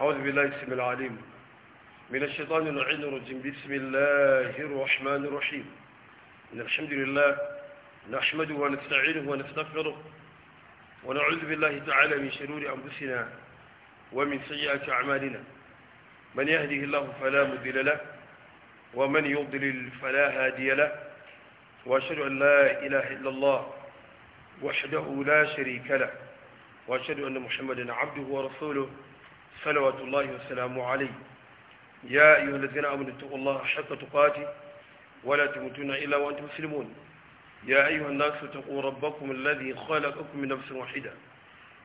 أعوذ بالله اسم العليم من الشيطان العين الرجيم بسم الله الرحمن الرحيم إن الحمد لله نحمده ونستعينه ونستغفره ونعوذ بالله تعالى من شرور أنفسنا ومن سيئات أعمالنا من يهده الله فلا مضل له ومن يضلل فلا هادي له وأشهد أن لا إله إلا الله وحده لا شريك له وأشهد أن محمدا عبده ورسوله صلوات الله وسلامه عليه يا أيها الذين آمنوا اتقوا الله حق تقاته ولا تموتون إلا وأنتم مسلمون يا أيها الناس اتقوا ربكم الذي خلقكم من نفس واحدة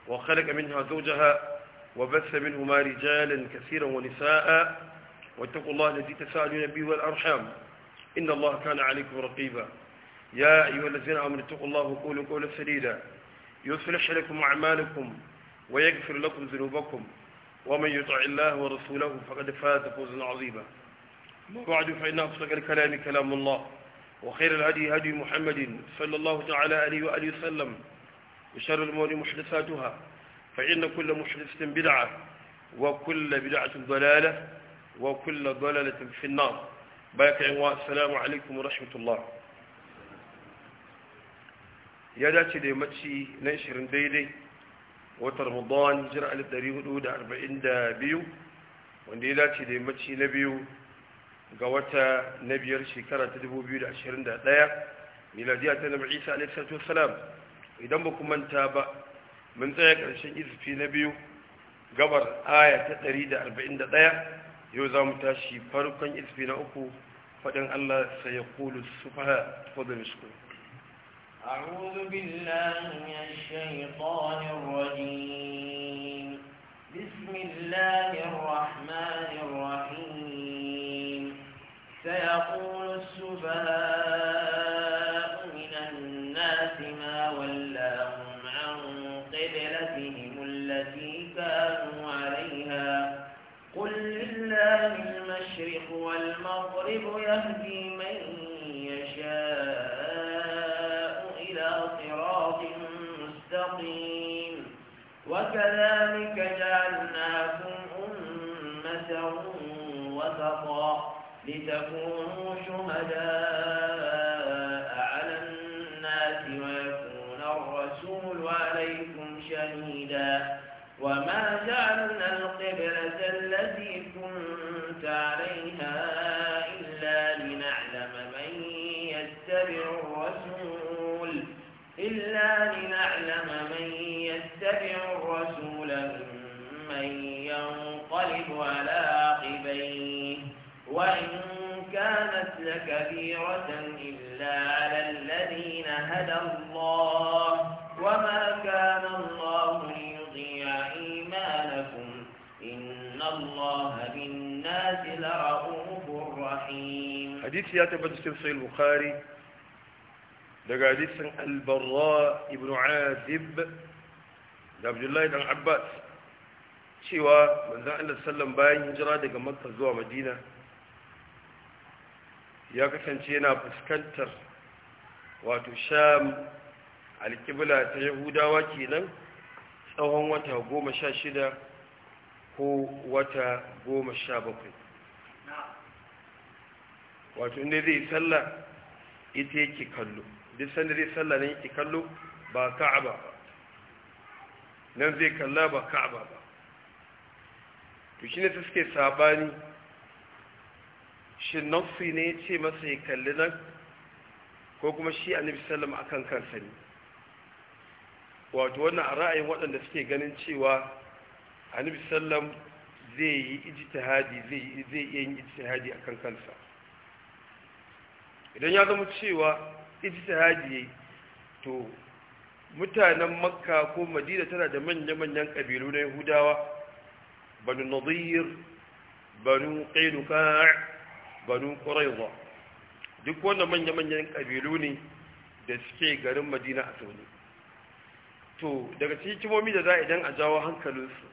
وخلق منها زوجها وبث منهما رجالا كثيرا ونساء واتقوا الله الذي تساءلون به والأرحام إن الله كان عليكم رقيبا يا أيها الذين آمنوا اتقوا الله وقولوا قولا سديدا يصلح لكم أعمالكم ويغفر لكم ذنوبكم ومن يطع الله ورسوله فقد فاز فوزا عظيما وبعد فإن أصدق الكلام كلام الله وخير الهدي هدي محمد صلى الله تعالى عليه وآله وسلم وشر الأمور محدثاتها فإن كل محدثة بدعة وكل بدعة ضلالة وكل ضلالة في النار الله السلام عليكم ورحمة الله يا داتي دي ماتشي ننشر ديدي watan ramadan jira biyu wanda ya dace da yammaci na biyu ga wata na biyar shekara ta dubu biyu da da ashirin 2021 miladiya ta nabi isa alaihissalatu salam idan ba manta ba mun tsaya karshen izifi na biyu gabar aya ta da da arba'in 141 yau za mu tashi farkon izifi na uku faɗin allah sai ya kulu su faha fadar shukuru أعوذ بالله من الشيطان الرجيم بسم الله الرحمن الرحيم سيقول السفهاء من الناس ما ولاهم عن قبلتهم التي كانوا عليها قل لله المشرق والمغرب يهدي من عظيم وكذلك جعلناكم أمة وسطا لتكونوا شهداء على الناس ويكون الرسول عليكم شهيدا وما جعلنا القبلة التي ولا عقبيه وإن كانت لكبيرة إلا على الذين هدى الله وما كان الله ليضيع إيمانكم إن الله بالناس لرؤوف رحيم حديث يا تبدو صحيح البخاري daga حديث البراء ابن azib عبد الله بن عباس cewa manzan Allah sallam bayan hijira daga makka zuwa madina ya kasance yana fuskantar wato sham alkibla ta yahudawa kenan tsawon wata goma sha shida ko wata goma sha bakwai wato inda zai salla ita yake kallo duk sanda zai sallah ne yake kallo ba ka'aba ba nan zai kalla ba ka'aba ba to shi ne ta suke sabani shi nafsi ne ya ce masa ya kalli nan ko kuma shi salam sallam akan kansa ne wato wannan a ra'ayin waɗanda suke ganin cewa nufi sallam zai yi ijtihadi zai zai iya yin ijtihadi kan kansa idan ya zama cewa ijtihadi to mutanen makka ko madina tana da manya-manyan ƙabilu na yahudawa banu nadir banu qainuqa banu quraiza duk wanda manya-manyan kabilu ne da suke garin madina a sauni to daga cikin da za a idan a jawo hankalinsu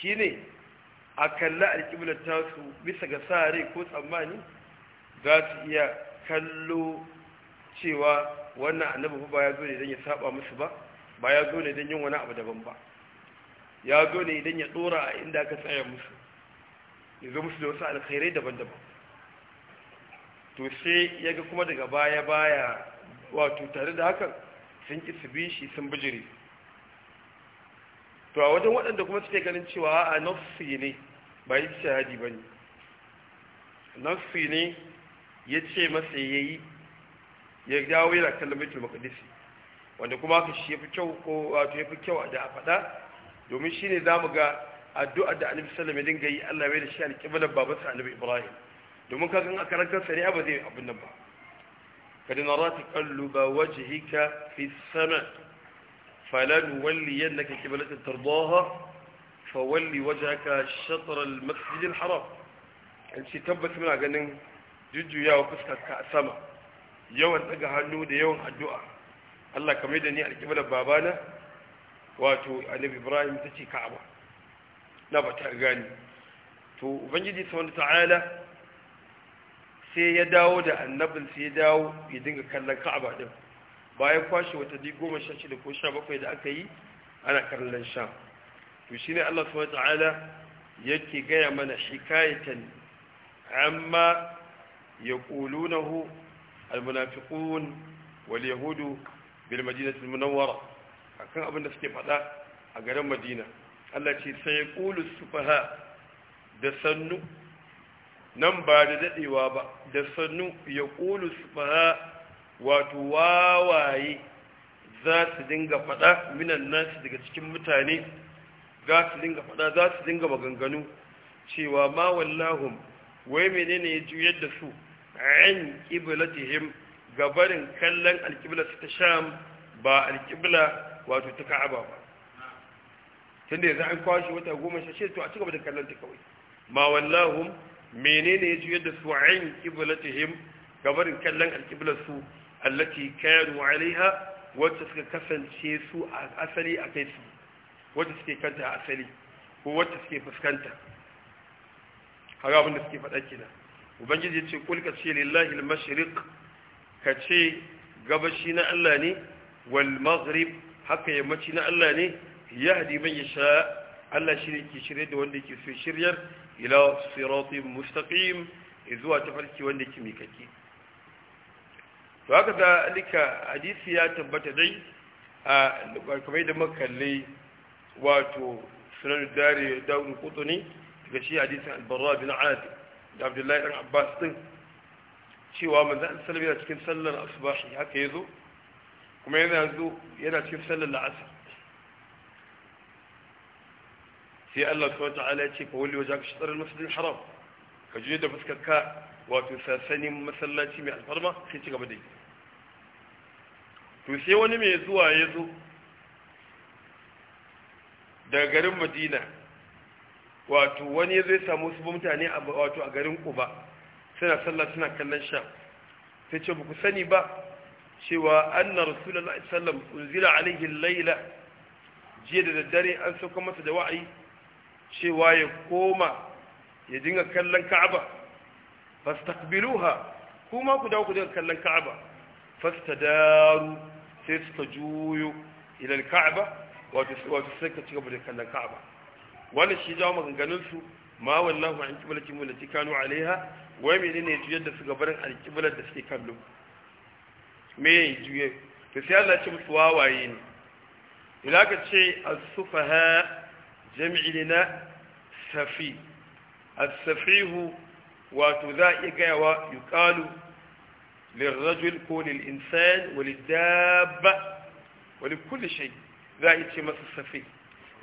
shine a kalla alƙiblar tasu bisa ga sa rai ko tsammani za su iya kallo cewa wannan annabi ba ya zo ne don ya saba musu ba ba ya zo ne don yin wani abu daban ba ya zo ne idan ya tsora a inda aka tsaya musu ya zo musu da wasu alkhairai daban-daban to sai ya ga kuma daga baya-baya wato tare da hakan sun ki su bi shi sun bijiri to a wajen waɗanda kuma suke ganin cewa a nafsi ne ba yi shahadi ba ne nafsi ne ya ce masa ya yi ya dawo yana kallon baitul wanda kuma aka shi ya fi kyau ko wato fi kyau da a faɗa domin shine zamu ga addu'a da annabi sallallahu alaihi dinga yi Allah bai da shi alƙiblar babansa annabi Ibrahim domin kaga in aka ranka sari'a ba zai abin nan ba kad ba qalluba wajhika fi sama falan walliyannaka qiblatan tardaha fawalli wajhaka shatr al-masjid al-haram an ce tabbas muna ganin jujjuyawa fuskar ka a sama yawan daga hannu da yawan addu'a Allah kamar da ni alƙiblar babana wato annabi ibrahim ta ce ka'aba na ba ta gani to ubangiji sau ta'ala sai ya dawo da annabin sai ya dawo ya dinga kallon ka'aba din bayan kwashe watanni goma sha shida ko sha bakwai da aka yi ana kallon sha to ne allah sau ta'ala yake gaya mana shikayatan amma ya ƙulunahu almunafiƙun wal yahudu bil madinatul munawwara akan abin da suke faɗa a garin madina allah ce sai ƙulu sufaha da sannu nan ba da daɗewa ba da sannu ya ƙulu sufaha wato wawaye za su dinga faɗa minan nasu daga cikin mutane za su dinga faɗa za su dinga maganganu cewa ma wallahum wai menene ya juyar da su an ƙiblatihim gabarin kallon alƙibla ta sham ba alkibla wato ta ka'aba ba tun da yanzu an kwashe wata goma sha shida to a cigaba da kallon ta kawai ma wallahum menene ya juyar da su ayin kiblatihim gabarin kallon alkiblar su allati kanu alaiha wacce suka kasance su a asali a kai su wacce suke kanta a asali ko wacce suke fuskanta haka abin da suke faɗa kenan ubangiji ya ce kulka ce lillahi al ka ce gabashi na Allah ne wal maghrib haka yammaci na Allah ne ya yahdi man yasha Allah shi ne ke shirye da wanda ke so shiryar ila siratin mustaqim zuwa tafarki wanda ke mikaki to haka da alika hadisi ya tabbata dai a kamar da makalle wato sunan dare daun qutni daga shi hadisi al-barra bin azib da abdullahi dan abbas din cewa manzon sallallahu alaihi wasallam cikin sallar asbahi haka yazo kuma yana zo yana cikin sallar la'asar sai Allah ta ta'ala ya ce ka walli wajen shi tsarin masu haram ka je da fuskarka wato sassanin masallaci mai alfarma sai ci gaba da yi to sai wani mai zuwa ya zo daga garin Madina wato wani ya zai samu su mutane a wato a garin Quba suna sallar suna kallon sha sai ce ba ku sani ba cewa anna rasulullahi sallam unzila alaihi laila jiya da daddare an sauka masa da wa'ayi cewa ya koma ya dinga kallon ka'aba fastaqbiluha kuma ku dawo ku dinga kallon ka'aba fastadaru sai suka juyo ila ka'aba wato wato sai ka cigaba da kallon ka'aba wannan shi jawo maganganun su ma wallahu an kiblatin mulati kanu alaiha wai menene yadda suka barin alkiblar da suke kallo me ya juye to sai Allah ce musu wawaye ne idan ka ce as-sufaha jam'i na safi as-safihu wato za a iya gayawa yuqalu lirrajul ko lil insan wa lidabba wa likulli shay za a ce masa safi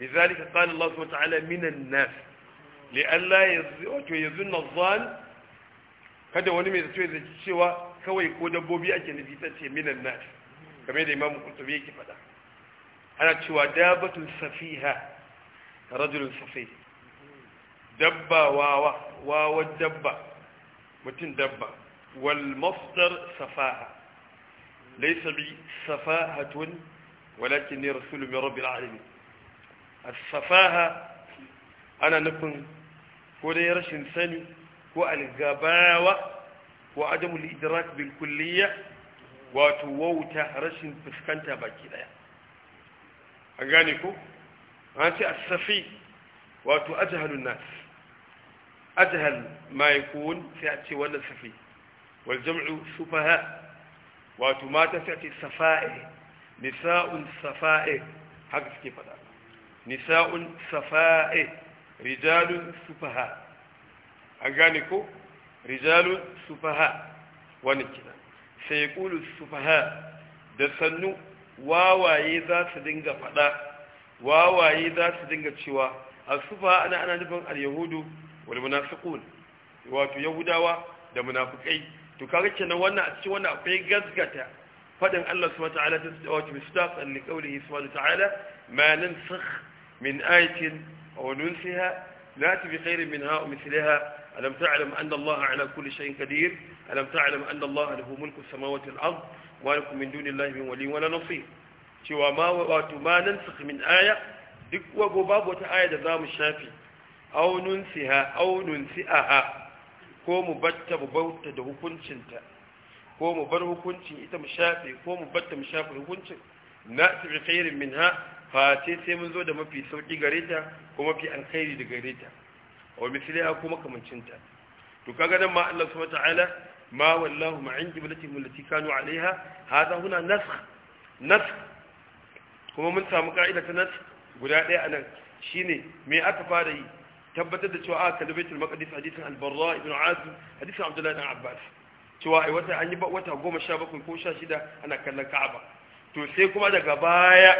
لذلك قال الله سبحانه وتعالى من الناس لئلا يظن الظان kada wani mai zato da cewa kawai ko dabbobi ake nufi ta ce minan na game da imamu kurtubi yake faɗa ana cewa dabbatun safiha rajulun safai. dabba wawa wawa dabba mutum dabba wal masdar safaha laysa bi safahatun walakin ni rasulun min rabbil alamin safaha ana nufin ko dai rashin sani ko algabawa wa Adamu idrak bil kulliyya wato wauta rashin fuskanta baki daya an gane ko an ce as-safi wato ajhalun nas ajhal ma yakun sai a ce wannan safi wal jam'u sufaha wato mata sai a ce safa'i nisa'un safa'i haka suke fada nisa'un safa'i rijalun sufaha an gane ko rijalu sufaha wani kina sai kulu sufaha da sannu wawaye za su dinga fada wawaye za su dinga cewa a sufaha ana ana nufin al-yahudu wal munafiqun wato yahudawa da munafikai to kaga kenan wannan a cikin wannan akwai gaskata fadin Allah subhanahu wa ta'ala ta wato mustaqan li qawlihi subhanahu wa ta'ala ma nansakh min ayatin aw nunsiha la khairin minha aw ألم تعلم أن الله على كل شيء قدير ألم تعلم أن الله له ملك السماوات والأرض ما من دون الله من ولي ولا نصير cewa ma wato ma nan min aya duk wago babu wata aya da za mu shafi aunun siha aunun si'aha ko mu batta mu bauta da hukuncinta ko mu bar hukuncin ita mu shafe ko mu batta mu shafe hukuncin na tafi khairin minha fa sai sai mun zo da mafi sauki gare ta ko mafi alkhairi da gare ta wa misliha kuma kamancinta to kaga nan ma Allah subhanahu wataala ma wallahu ma an qiblatihim allati kanu alaiha hada huna nasakh nasakh kuma mun samu ka'ida ta nasakh guda daya anan shine me aka fara yi tabbatar da cewa aka kalli baitul maqdis hadithan al-barra ibn azib hadithan abdullah ibn abbas cewa ai wata an yi wata 17 ko 16 ana kallon ka'aba to sai kuma daga baya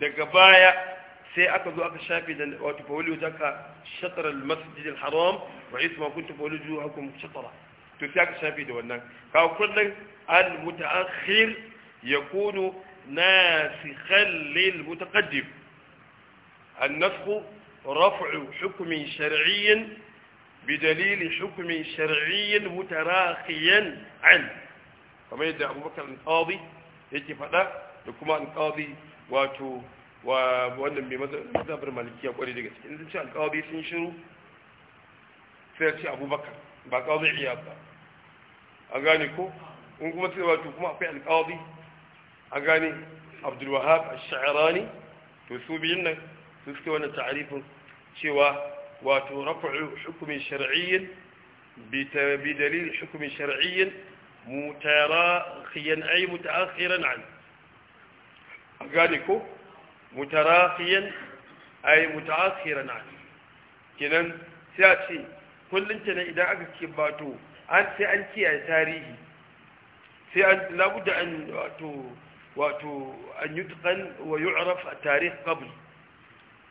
daga baya sai aka zo aka shafe da wato fawali wajenka shatar al-masjid al-haram wa isma kuntum fawali wujuhakum shatara to sai aka shafe da wannan ka kullun al-mutaakhir yakunu nasikhan lil mutaqaddim an-nasakh raf'u hukmin shar'iyyin بدليل حكم شرعي متراخيا عن كما يدعي أبو بكر القاضي يجي فدا لكما القاضي واتو wa wannan mai mazhabar malikiya kwarai daga gaske in sun ce alƙawabi sun shiru sai ce abubakar ba ƙawabi iya ba a gane ko in kuma sai wato kuma akwai alƙawabi a gane abdulwahab ash-sha'rani to su biyun nan su suke wannan ta'arifin cewa wato rafa'u hukmi shar'iyyin bi dalil hukmi shar'iyyin mutarakhiyan ay mutaakhiran an a gane ko mutarafiyan ay na kenan sai a ce kullum kenan idan aka ce bato an sai an kiyaye tarihi sai an labuda an wato wato an yutqan wa yu'raf tarikh qabl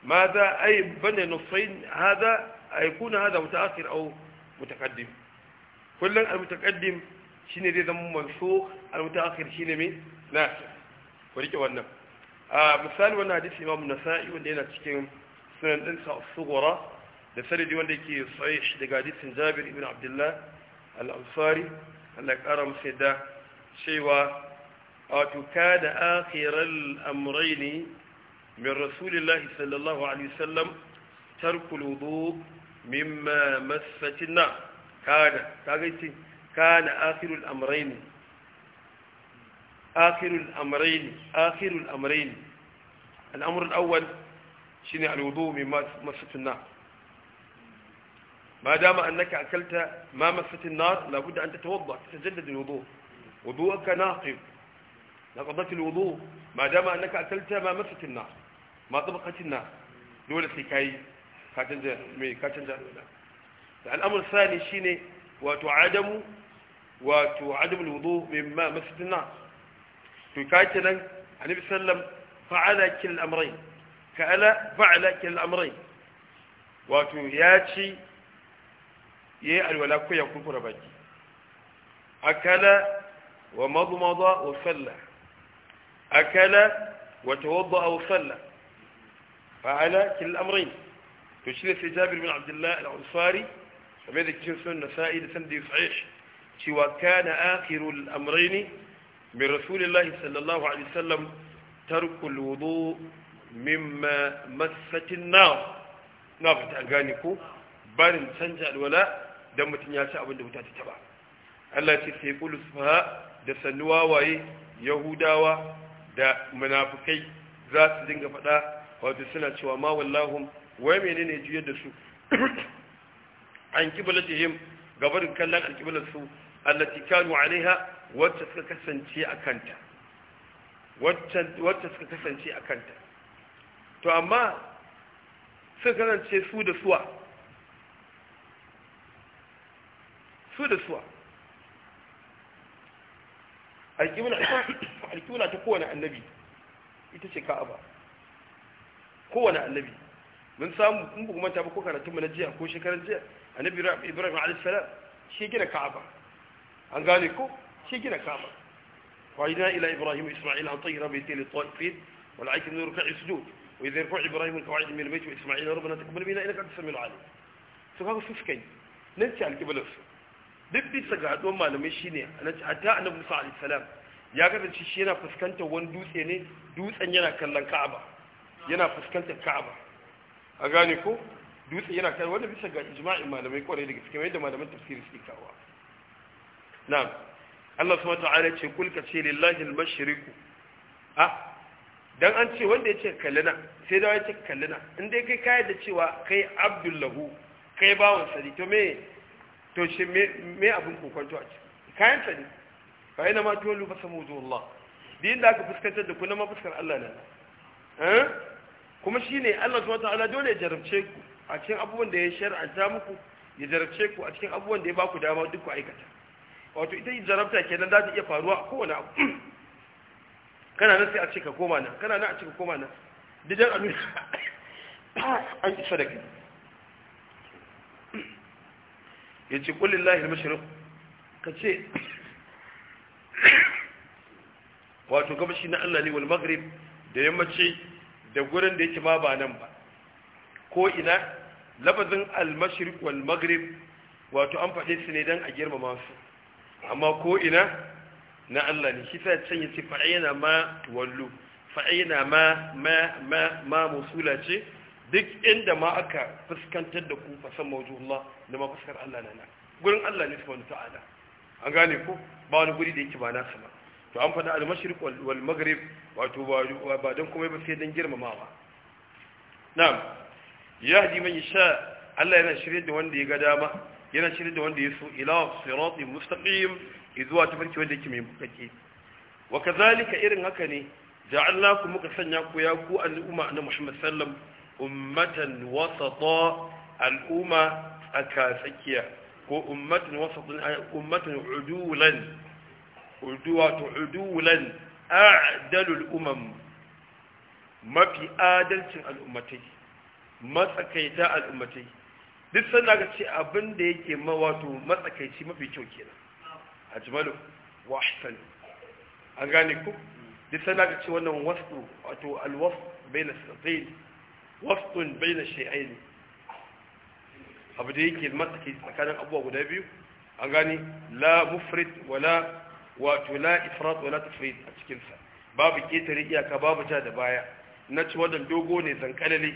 ماذا أي بني نصين هذا يكون هذا متأخر أو متقدم كل المتقدم شنو ذي ذم منسوخ المتأخر شنو من ناسخ rike wannan. a misali wannan hadisi imamu nasa'i wanda yana cikin sunan din sa sughra da sanadi wanda yake sahih daga hadisin jabir ibn abdullah al-ansari Allah ya kara masa cewa wato kada akhiral amrayn min rasulillah sallallahu alaihi wasallam tarkul wudu mimma massatina kada kaga ce kana akhirul amrayn آخر الأمرين آخر الأمرين الأمر الأول شنع الوضوء مما مست النار ما دام أنك أكلت ما مست النار لابد أن تتوضأ تتجدد الوضوء وضوءك ناقض نقضت الوضوء ما دام أنك أكلت ما مست النار ما طبقت النار دولة لكي كاتنجا الأمر الثاني شنو وتعدم وتعدم الوضوء مما مست النار to ka kenan annabi sallam fa'ala kil amrayn fa'ala fa'ala kil amrayn wato ya ci yayi alwala ko ya kurkura baki akala wa madmada wa salla akala wa tawadda wa salla fa'ala kil amrayn to shi ne sai Jabir bin Abdullah al-Ansari kamar da cikin sunan Nasa'i da sanadi sahih cewa kana akhirul amrayn Mai rasulillahi sallallahu alaihi wasallam tarkul wudu mimma massatin nar na fata gane ko barin canja alwala dan mutum ya ci abin da wuta ta taba Allah ce sai qulu sufaha da sannuwa waye yahudawa da munafukai za su dinga faɗa. wato suna cewa ma wallahum wai ne juya da su an kiblatihim gabarin kallon alkiblar su allati kanu alaiha wacce suka kasance a kanta wacce suka kasance a kanta to amma suka kasance su da suwa su da suwa alƙibla ta kowane annabi ita ce ka'aba kowane annabi mun samu in bugu manta ba ko karatun na jiya ko shekarar jiya annabi ibrahim a.s. shi gina ka'aba an gane ko shi gina kaba وعيدنا إلى إبراهيم وإسماعيل عن طير بيتي للطائفين والعيك من ركع السجود وإذا يرفع إبراهيم القواعد من البيت وإسماعيل ربنا تقبل منا إنك أنت السميع العليم سبحان الله سكين ننسى على الجبل duk bisa ga haɗuwar malamai shi ne hatta annabi musa alisalam ya kasance shi yana fuskantar wani dutse ne dutsen yana kallon ka'aba yana fuskantar ka'aba a gane ko yana kallon wanda bisa ga malamai kwarai da gaske da malaman tafsiri suke kawo na'am Allah subhanahu ta'ala ce kul ka ce lillahi al-mashriqu ah dan an ce wanda yake kallina sai da yake kallina in dai kai kai da cewa kai abdullahu kai bawon sari to me to shi me me abin kokonto a ci kayan sani fa ina ma tolu fa samudu Allah din da ka fuskantar da ku na ma fuskar Allah ne eh kuma shine Allah subhanahu ta'ala dole ya jarabce ku a cikin abubuwan da ya shar'anta muku ya jarabce ku a cikin abubuwan da ya baku dama duk ku aikata wato ita yi jarabta kenan za ta iya faruwa a kowane abu kana nan sai a ce ka koma nan kana nan a ce ka koma nan didan a nuna an isa da kai ya ce kullum lahir mashirin ka ce wato gabashi na allah ne wal maghrib da yammaci da gurin da yake ma ba nan ba ko ina labazin al-mashriq wal maghrib wato an faɗe su ne don a girmama su amma ko ina na Allah ne shi ta sanya yace fa'ina ma wallu fa'ina ma ma ma ma musula ce duk inda ma aka fuskantar da ku fa san mawjuhullah da ma fuskar Allah na nan gurin Allah ne wani ta'ala an gane ku ba wani guri da yake ba nasa ba to an faɗa al-mashriq wal maghrib wato ba don komai ba sai dan girmamawa na'am yahdi man yasha Allah yana shirye da wanda ya ga dama yana shirin da wanda ya so ila sirati mustaqim izuwa tafarki wanda yake mai bukake wa kazalika irin haka ne ja'alnakum muka sanya ku ya ku al'umma na Muhammad sallam ummatan wasata al'umma aka tsakiya ko ummatan wasatan ummatan udulan uduwa to udulan a'dalul umam mafi adalcin al'ummatai matsakaita al'ummatai duk sanda ka ce abin da yake ma wato matsakaici mafi kyau kenan ajmalu wa ahsanu an gane ku duk sanda ka ce wannan wasu wato alwasf wasu bai na shai'ai ne abu da yake matsakaici tsakanin abuwa guda biyu an gane la mufrit wala wato la ifrat wala Tafrit a cikinsa. babu ketare iyaka babu ja da baya na ci wadan dogo ne zankalale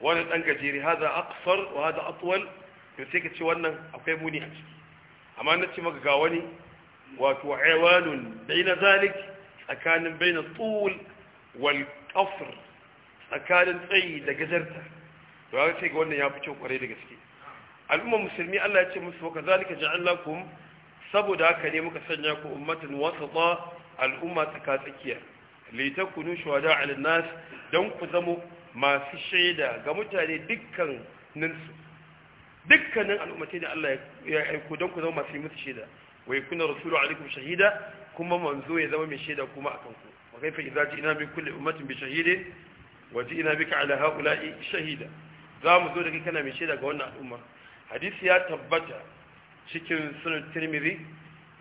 wani dan gajeri haza aqsar wa haza atwal to sai kace wannan akwai muni a ciki amma na ce maka ga wani wato aiwanun baina zalik tsakanin baina tul wal qasr tsakanin tsayi da gajarta to ya ga wannan ya fi kware kwarai da gaske al'umma musulmi Allah ya ce musu wa kazalika ja'alnakum saboda haka ne muka sanya ku ummatan wasata al'umma ka tsakiya litakunu shuhada 'ala nas dan ku zamo masu shaida ga mutane dukkaninsu dukkanin al'ummatai da Allah ya aiko don ku zama masu yi musu shaida wa yakuna rasulu alaikum shahida kuma manzo ya zama mai shaida kuma a akan ku wa kaifa idza ji'na bi kulli ummatin bi shahidin wa ji'na bika ala haula'i shahida za mu zo da kai kana mai shaida ga wannan al'umma hadisi ya tabbata cikin sunan tirmidhi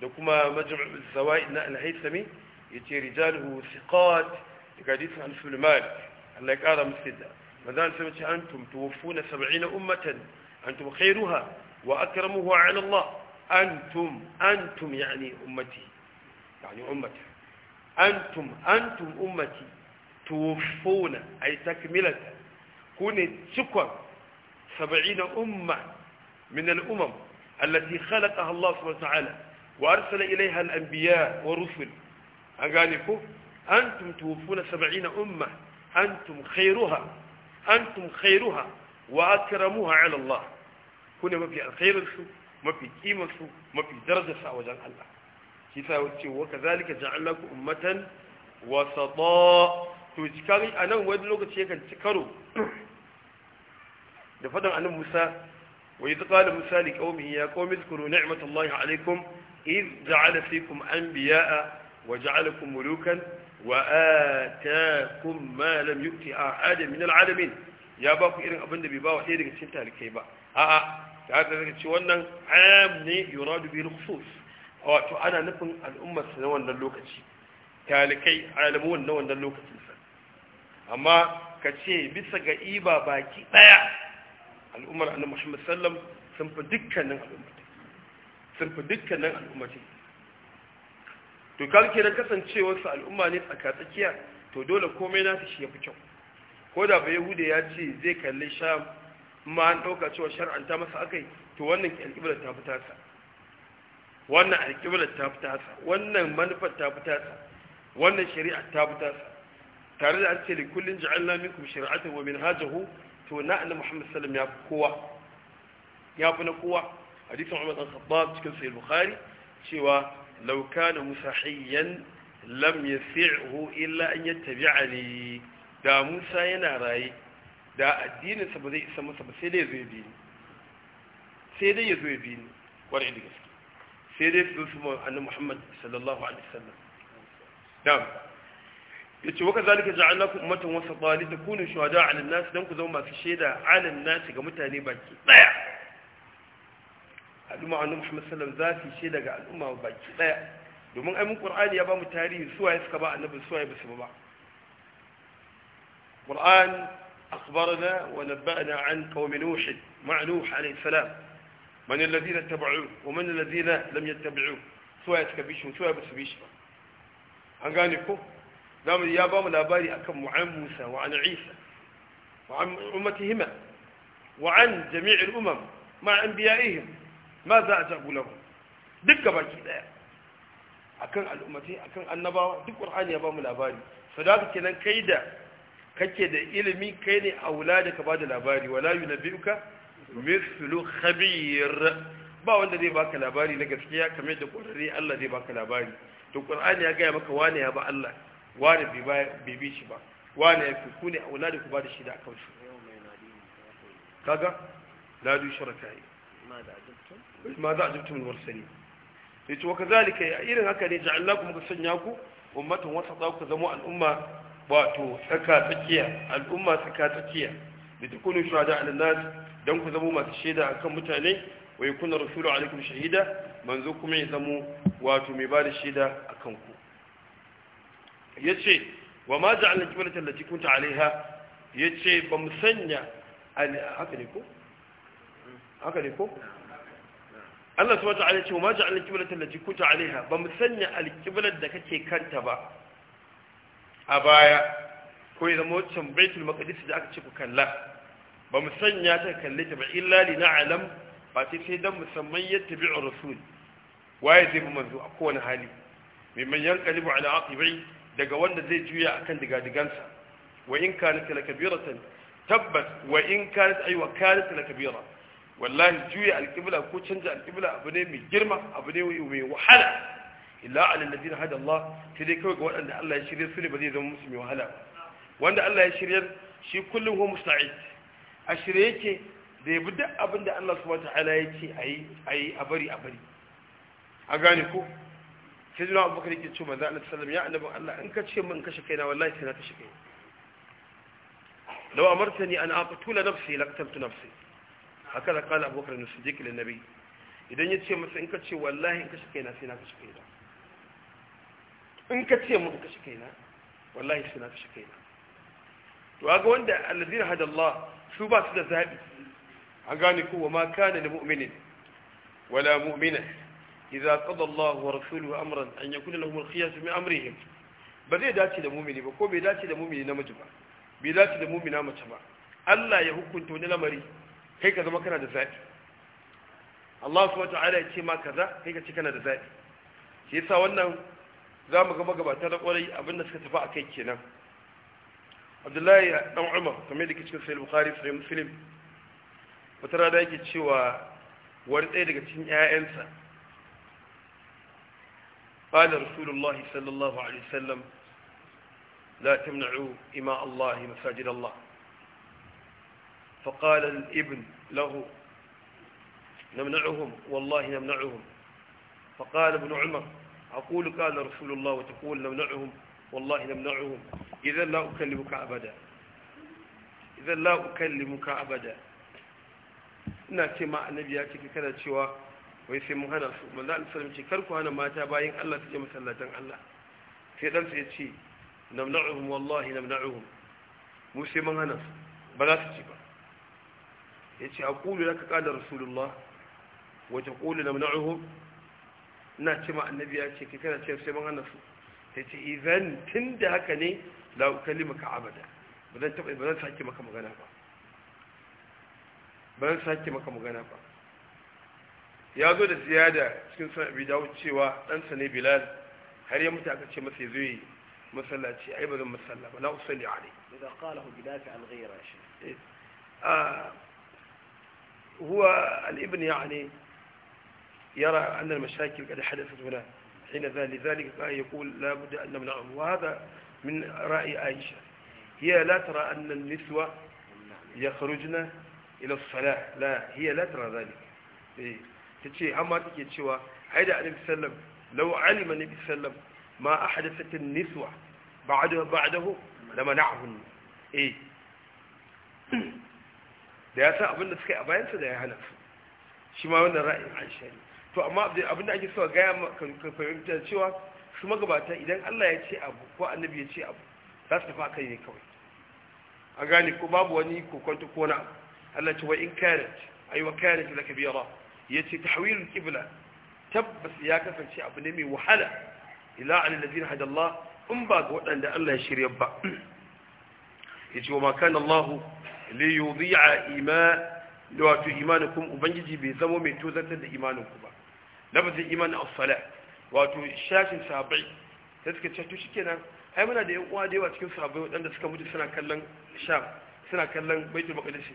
da kuma majmu'uz zawaid na al-haythami yace rijaluhu thiqat daga hadisin al-sulmani لك أرى مثلا مثلا سمعت أنتم توفون سبعين أمة أنتم خيرها وأكرمها على الله أنتم أنتم يعني أمتي يعني أمتي أنتم أنتم أمتي توفون أي تكملة كنت سكر سبعين أمة من الأمم التي خلقها الله سبحانه وتعالى وأرسل إليها الأنبياء ورسل أقالكم أنتم توفون سبعين أمة antum khairuha antum khairuha wa akramuha ala Allah kune mafi alkhairin su mafi kimar su mafi darajar su a wajen Allah shi sa wace wa kazalika ja'alnakum ummatan wasata to cikari anan wani lokaci yakan ci karo da fadan annabi Musa وإذ قال موسى لقومه يا قوم اذكروا نعمة الله عليكم إذ جعل فيكم أنبياء وجعلكم mulukan. وآتاكم ما لم يؤت أحد من العالمين يا باكو إرن أبن دبي باو إرن سنتا لكي با آآ تعالى ذلك سوانا عام يراد به الخصوص wato ana nufin al'ummarsa na wannan lokaci talikai alamuwan na wannan lokacinsa amma ka ce bisa ga iba baki ɗaya, al'ummar annabi Muhammad sallam sun fi dukkanin al'ummar sun fi dukkanin to kar na kasancewar al'umma ne tsakatsakiya to dole komai na ta shi ya fi kyau ko da ba yahuda ya ce zai kalli sham ma an ɗauka cewa shar'anta masa akai to wannan alƙiblar ta fi tasa. wannan alƙiblar ta fi tasa. wannan manufar ta fi tasa. wannan shari'a ta fi tasa. tare da an ce likullin ja'alna minkum shari'atan wa minhajahu to na annabi Muhammad sallallahu alaihi wasallam ya fi kowa ya fi na kowa hadisin Umar bin Khattab cikin Sahih Bukhari cewa لو كان مسحيا lam ya fi'hu illa an yattabi'a ne da Musa yana raye da addininsa ba zai isa masa ba sai dai ya zo ya bi sai dai ya zo ya bi ni kwarai da gaske sai dai su su annabi Muhammad sallallahu alaihi wasallam da yace waka zalika 'ala an dan ku zama masu shaida 'ala an ga mutane daya al'umma annu muhammad sallam za su yi ce daga al'umma baki daya domin aimin ƙur'ani ya ba سوى tarihi suwa suka سوى annabi suwa ba su ba ƙur'an اخبرنا ونبأنا عن قوم نوح مع نوح عليه السلام من الذين اتبعوه ومن الذين لم يتبعوه سواء تكبيش سواء بسبيش ان غانيكو دام يا بام لاباري اكن معن موسى وعن عيسى وعن امتهما وعن جميع الامم مع انبيائهم ma za a jabu lahu duk baki daya akan al'ummatai akan annabawa duk qur'ani ya ba mu labari sadaka kenan kai da kake da ilimi kai ne a wula da ka bada labari wala yunabbiuka mithlu khabir ba wanda zai baka labari na gaskiya kamar da qur'ani Allah zai baka labari to qur'ani ya gaya maka wane ya ba Allah wane ba bi shi ba wane ya fi ku ne wula da ku bada shi da akan shi kaga la du shirka yi ma za a jibtun mursali da ce waka zalika ya irin haka ne ja'alla kuma ka sanya ku ummatan wasa za ku zama al'umma wato tsaka tsakiya al'umma tsaka tsakiya da ta kunu shuhada ala nas dan ku zama masu shaida akan mutane wa yakuna rasulu alaikum shahida manzo kuma ya zamo wato mai bada shaida akan ku yace wa ma ja'alna qiblatan allati kunta alaiha yace ba mu sanya haka ne ko haka ne ko Allah subhanahu wa ta'ala ce ma ja'al al-qiblata allati kunta 'alayha ba mu sanya al-qiblat da kake kanta ba a baya ko ya zama wancan baitul maqdis da aka ce ku kalla ba mu sanya ta kalle ta ba illa li na'lam ba sai sai dan musamman yattabi'u rasul waye zai bi manzo a kowane hali mimman yanqalibu ala aqibai daga wanda zai juya akan diga-digansa? wa in kanat lakabiratan tabbas wa in kanat aywa kanat lakabiratan wallahi juya alƙibla ko canza alƙibla abu ne mai girma abu ne mai wahala illa alal ladina hada Allah sai dai kawai ga waɗanda Allah ya shirya su ne ba zai zama musu mai wahala wanda Allah ya shirya shi kullum ko musta'id a shirye yake da ya bi duk abin da Allah subhanahu wataala ya ce ayi ayi a bari a bari a gane ko sai zuwa abubakar yake ce manzo Allah sallallahu ya annabin Allah in ka ce min kashe kaina wallahi sai na kashe kaina law amartani an aqtula nafsi laqtaltu nafsi haka da kala abubakar da su jikin nabi idan ya ce masa in ka ce wallahi in ka shi na sai na kashe kaina in ka ce mun kashe kaina wallahi sai na kashe kaina to ga wanda alladhina hada Allah su ba su da zabi an gane ko ma kana lil mu'minin wala mu'mina idza qada Allah wa rasuluhu amran an yakuna lahum al-khiyar min amrihim ba zai dace da mumini ba ko bai dace da mumini namiji ba bai dace da mumina mace ba Allah ya hukunta wani lamari kai ka zama kana da zaɓi Allah subhanahu wa ta'ala ya ce ma kaza kai ka ce kana da zaɓi shi yasa wannan za mu ga magabata da kwarai abin da suka tafi a kai kenan abdullahi dan umar kamar da ke cikin sahih bukhari sahih muslim wata rana yake cewa wani ɗaya daga cikin ƴaƴansa قال رسول الله صلى الله عليه وسلم لا تمنعوا إماء الله مساجد الله فقال الابن له نمنعهم والله نمنعهم فقال ابن عمر أقول كان رسول الله وتقول نمنعهم والله نمنعهم إذا لا أكلمك أبدا إذا لا أكلمك أبدا ina ce ma annabi ya cika kada cewa wai sai mun hana su manzo Allah kar ku hana mata bayan Allah suke masallatan Allah sai dan ya ce namna'uhum wallahi namna'uhum mu sai mun ba za su ci ba yace aqulu laka qala rasulullah wa taqulu namna'uhum na ce ma annabi ya ce kai kana ce sai mun hana su yace tun da haka ne la ukallimuka abada ba zan taba ba zan sake maka magana ba ba zan sake maka magana ba ya zo da ziyada cikin sunan abi dawud cewa ɗansa ne bilal har ya mutu aka ce masa ya zo yi masallaci ai ba zan masalla ba la usalli alai idan qalahu gida an ghayra shi eh, ah, هو الابن يعني يرى أن المشاكل قد حدثت هنا حين لذلك يقول لا بد أن نمنعه وهذا من رأي عائشة هي لا ترى أن النسوة يخرجن إلى الصلاة لا هي لا ترى ذلك إيه. تشي أما تكي تشوى النبي صلى الله عليه وسلم لو علم النبي صلى الله عليه وسلم ما أحدثت النسوة بعده بعده لمنعهن إيه da ya san abin da suka yi a bayansa da ya hana su shi ma wannan ra'ayin aisha ne to amma abinda ake so gaya ma fahimta cewa su magabata idan Allah ya ce abu ko annabi ya ce abu za su tafi akai ne kawai a gane ko babu wani kokonto ko na abu Allah ce wai in kanat ay wa kanat laka biyara yace tahwilul qibla tabbas ya kasance abu ne mai wahala ila alladhina hadallah in ba ga waɗanda Allah ya shirya ba yace wa ma kana Allah liyudhi'a iman wato imanukum ubangiji bai zama mai tozartar da imaninku ba lafazin iman as-sala wato shashin sahabbai sai suka ce to shikenan ai muna da yan uwa da yawa cikin sahabbai wadanda suka mutu suna kallon sham suna kallon baitul maqdis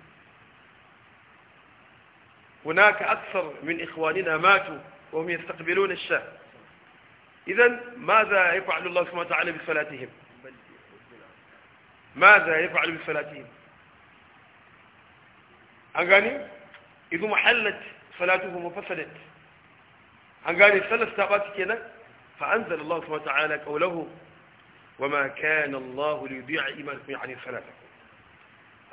هناك أكثر من إخواننا ماتوا وهم يستقبلون الشام إذا ماذا يفعل الله سبحانه وتعالى بصلاتهم ماذا يفعل بصلاتهم an gani idu mahallat salatuhu mufassadat an gani sallar ta ɓaci kenan fa anzal Allah subhanahu wa ta'ala qawluhu wama ma kana Allah li yudi'a imanakum yani salatakum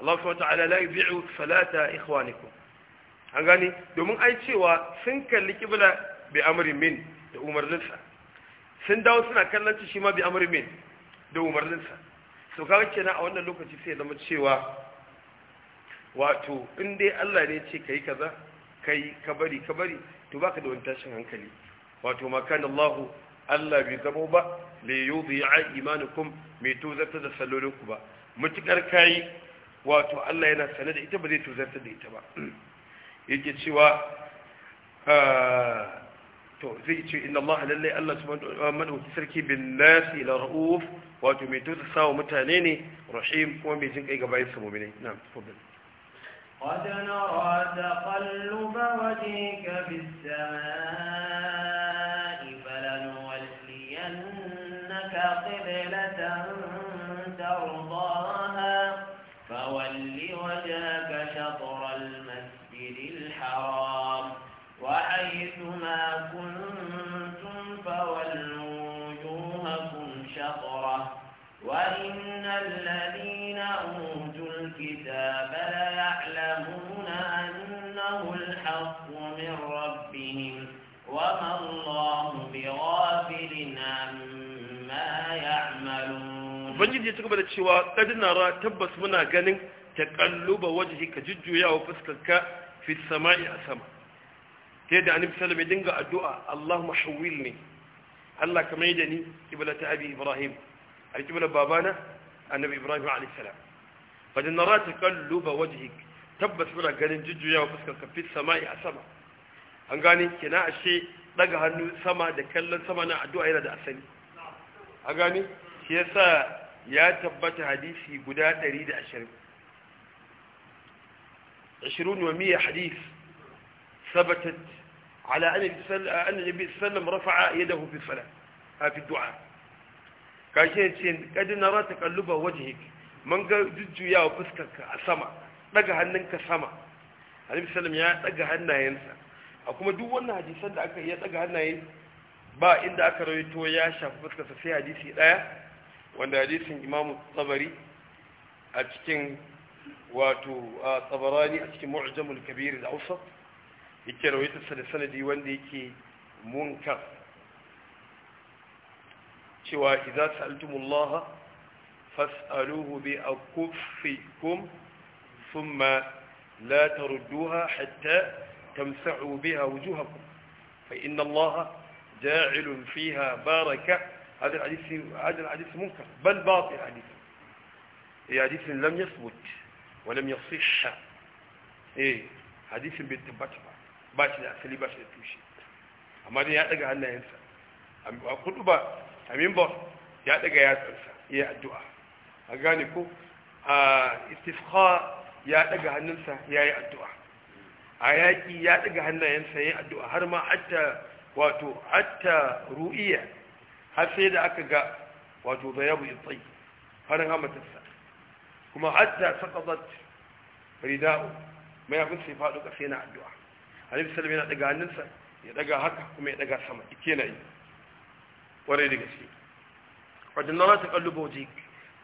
Allah subhanahu wa ta'ala la yudi'u salata ikhwanikum an gani domin ai cewa sun kalli kibla bi amri min da umarninsa sun dawo suna kallon shi ma bi amri min da umarninsa so kawai kenan a wannan lokaci sai zama cewa wato in dai Allah ne ce kai kaza kai ka bari ka bari to baka da wani tashin hankali wato ma kana Allah Allah bai zamo ba li yudhi'a imanukum mai tuzarta da sallolinku ba mutukar kai wato Allah yana sanar da ita ba zai tuzarta da ita ba yake cewa ah, to zai ce inna Allah lalle Allah subhanahu wa sarki bin nasi la rauf wato mai tuzarta wa mutane ne rahim kuma mai jin kai gaba bayin samu mu'minai na'am tafadhal قد نرى تقلب وجهك في السماء فلنولينك قبلة ترضاها فول وجهك شطر المسجد الحرام وحيث ما كنتم فولوا وجوهكم شطره وإن الذين أوتوا الكتاب لا ubangiji ya cigaba da cewa kadinara tabbas muna ganin ka jujjuya wa fuskarka fi samai a sama ta yadda annabi sallallahu alaihi dinga addu'a Allahumma ne. Allah ka maida ni ta abi ibrahim alqibla babana annabi ibrahim alaihi salam fadin nara taqalluba wajhik tabbas muna ganin jujjuya wa fuskarka fi samai a sama an gane kina ashe daga hannu sama da kallon sama na addu'a yana da asali a gane shi yasa ya tabbata hadisi guda 120 wa miya hadis sabatat ala annan jabi sallam rafa'a yadahu fi sala a fi du'a kashe ce kadina rata kalluba wajihik man ga jujjuya wa fuskarka a sama daga hannunka sama alim sallam ya daga hannayensa a kuma duk wannan hadisan da aka iya ya daga hannaye ba inda aka rawaito ya shafi fuskarsa sai hadisi ɗaya. wanda hadisin imamu tsabari a cikin wato a tsabarani a cikin mu'jamul kabir da ausat yake rawaitarsa da sanadi wanda yake munkar cewa idza sa'altumullaha fas'aluhu bi akuffikum thumma la tarudduha hatta tamsa'u biha wujuhakum fa inna allaha ja'ilun fiha baraka هذا الحديث هذا الحديث منكر بل باطل الحديث اي حديث لم يثبت ولم يصح اي حديث بالتبات باش لا سلي باش لا توشي اما دي يا دغه الله ينسى ام كنت با امين بو يا دغه يا تنسى يا الدعاء اغاني كو استفخاء يا دغه هننسى يا يا الدعاء اياكي يا دغه الله ينسى يا الدعاء آه، هر ما حتى واتو حتى رؤيه har sai da aka ga wato bayabu itsai farin hamatarsa kuma hatta saqadat rida'u mai abin sai faɗo ƙasa na addu'a alif salam yana daga hannunsa ya daga haka kuma ya daga sama ike na yi ƙwarai da gaske wajen nana ta kallubo ji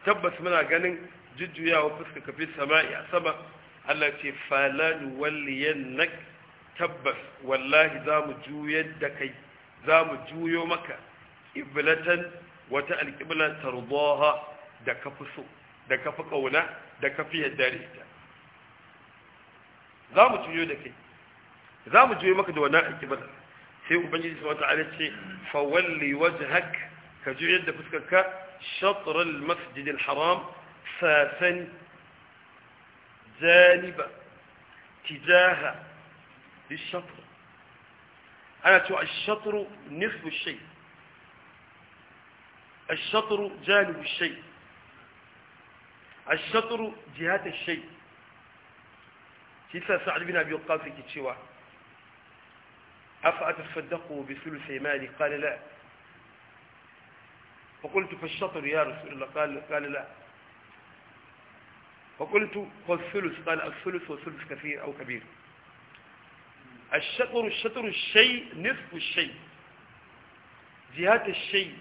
tabbas muna ganin jujjuyawa fuska kafi sama'i a sama allah ce falalu walliyan nak tabbas wallahi za mu juyar da kai za mu juyo maka qiblatan wata alqibla tardaha da kafi so da kafi kauna da kafi yadda da ita za mu tuyo da kai za mu juyo maka da wannan alqibla sai ubangiji subhanahu wataala ce fa walli wajhak ka juyar da fuskarka shatr al-masjid al-haram fasan janiba tijaha bi للشطر أنا أتوقع الشطر نصف shay الشطر جانب الشيء الشطر جهات الشيء كيف سعد بن أبي وقاص كتشوا أفأتصدقوا بثلث مالي قال لا فقلت فالشطر يا رسول الله قال قال لا فقلت فالثلث قال الثلث والثلث كثير أو كبير الشطر الشطر الشيء نصف الشيء جهات الشيء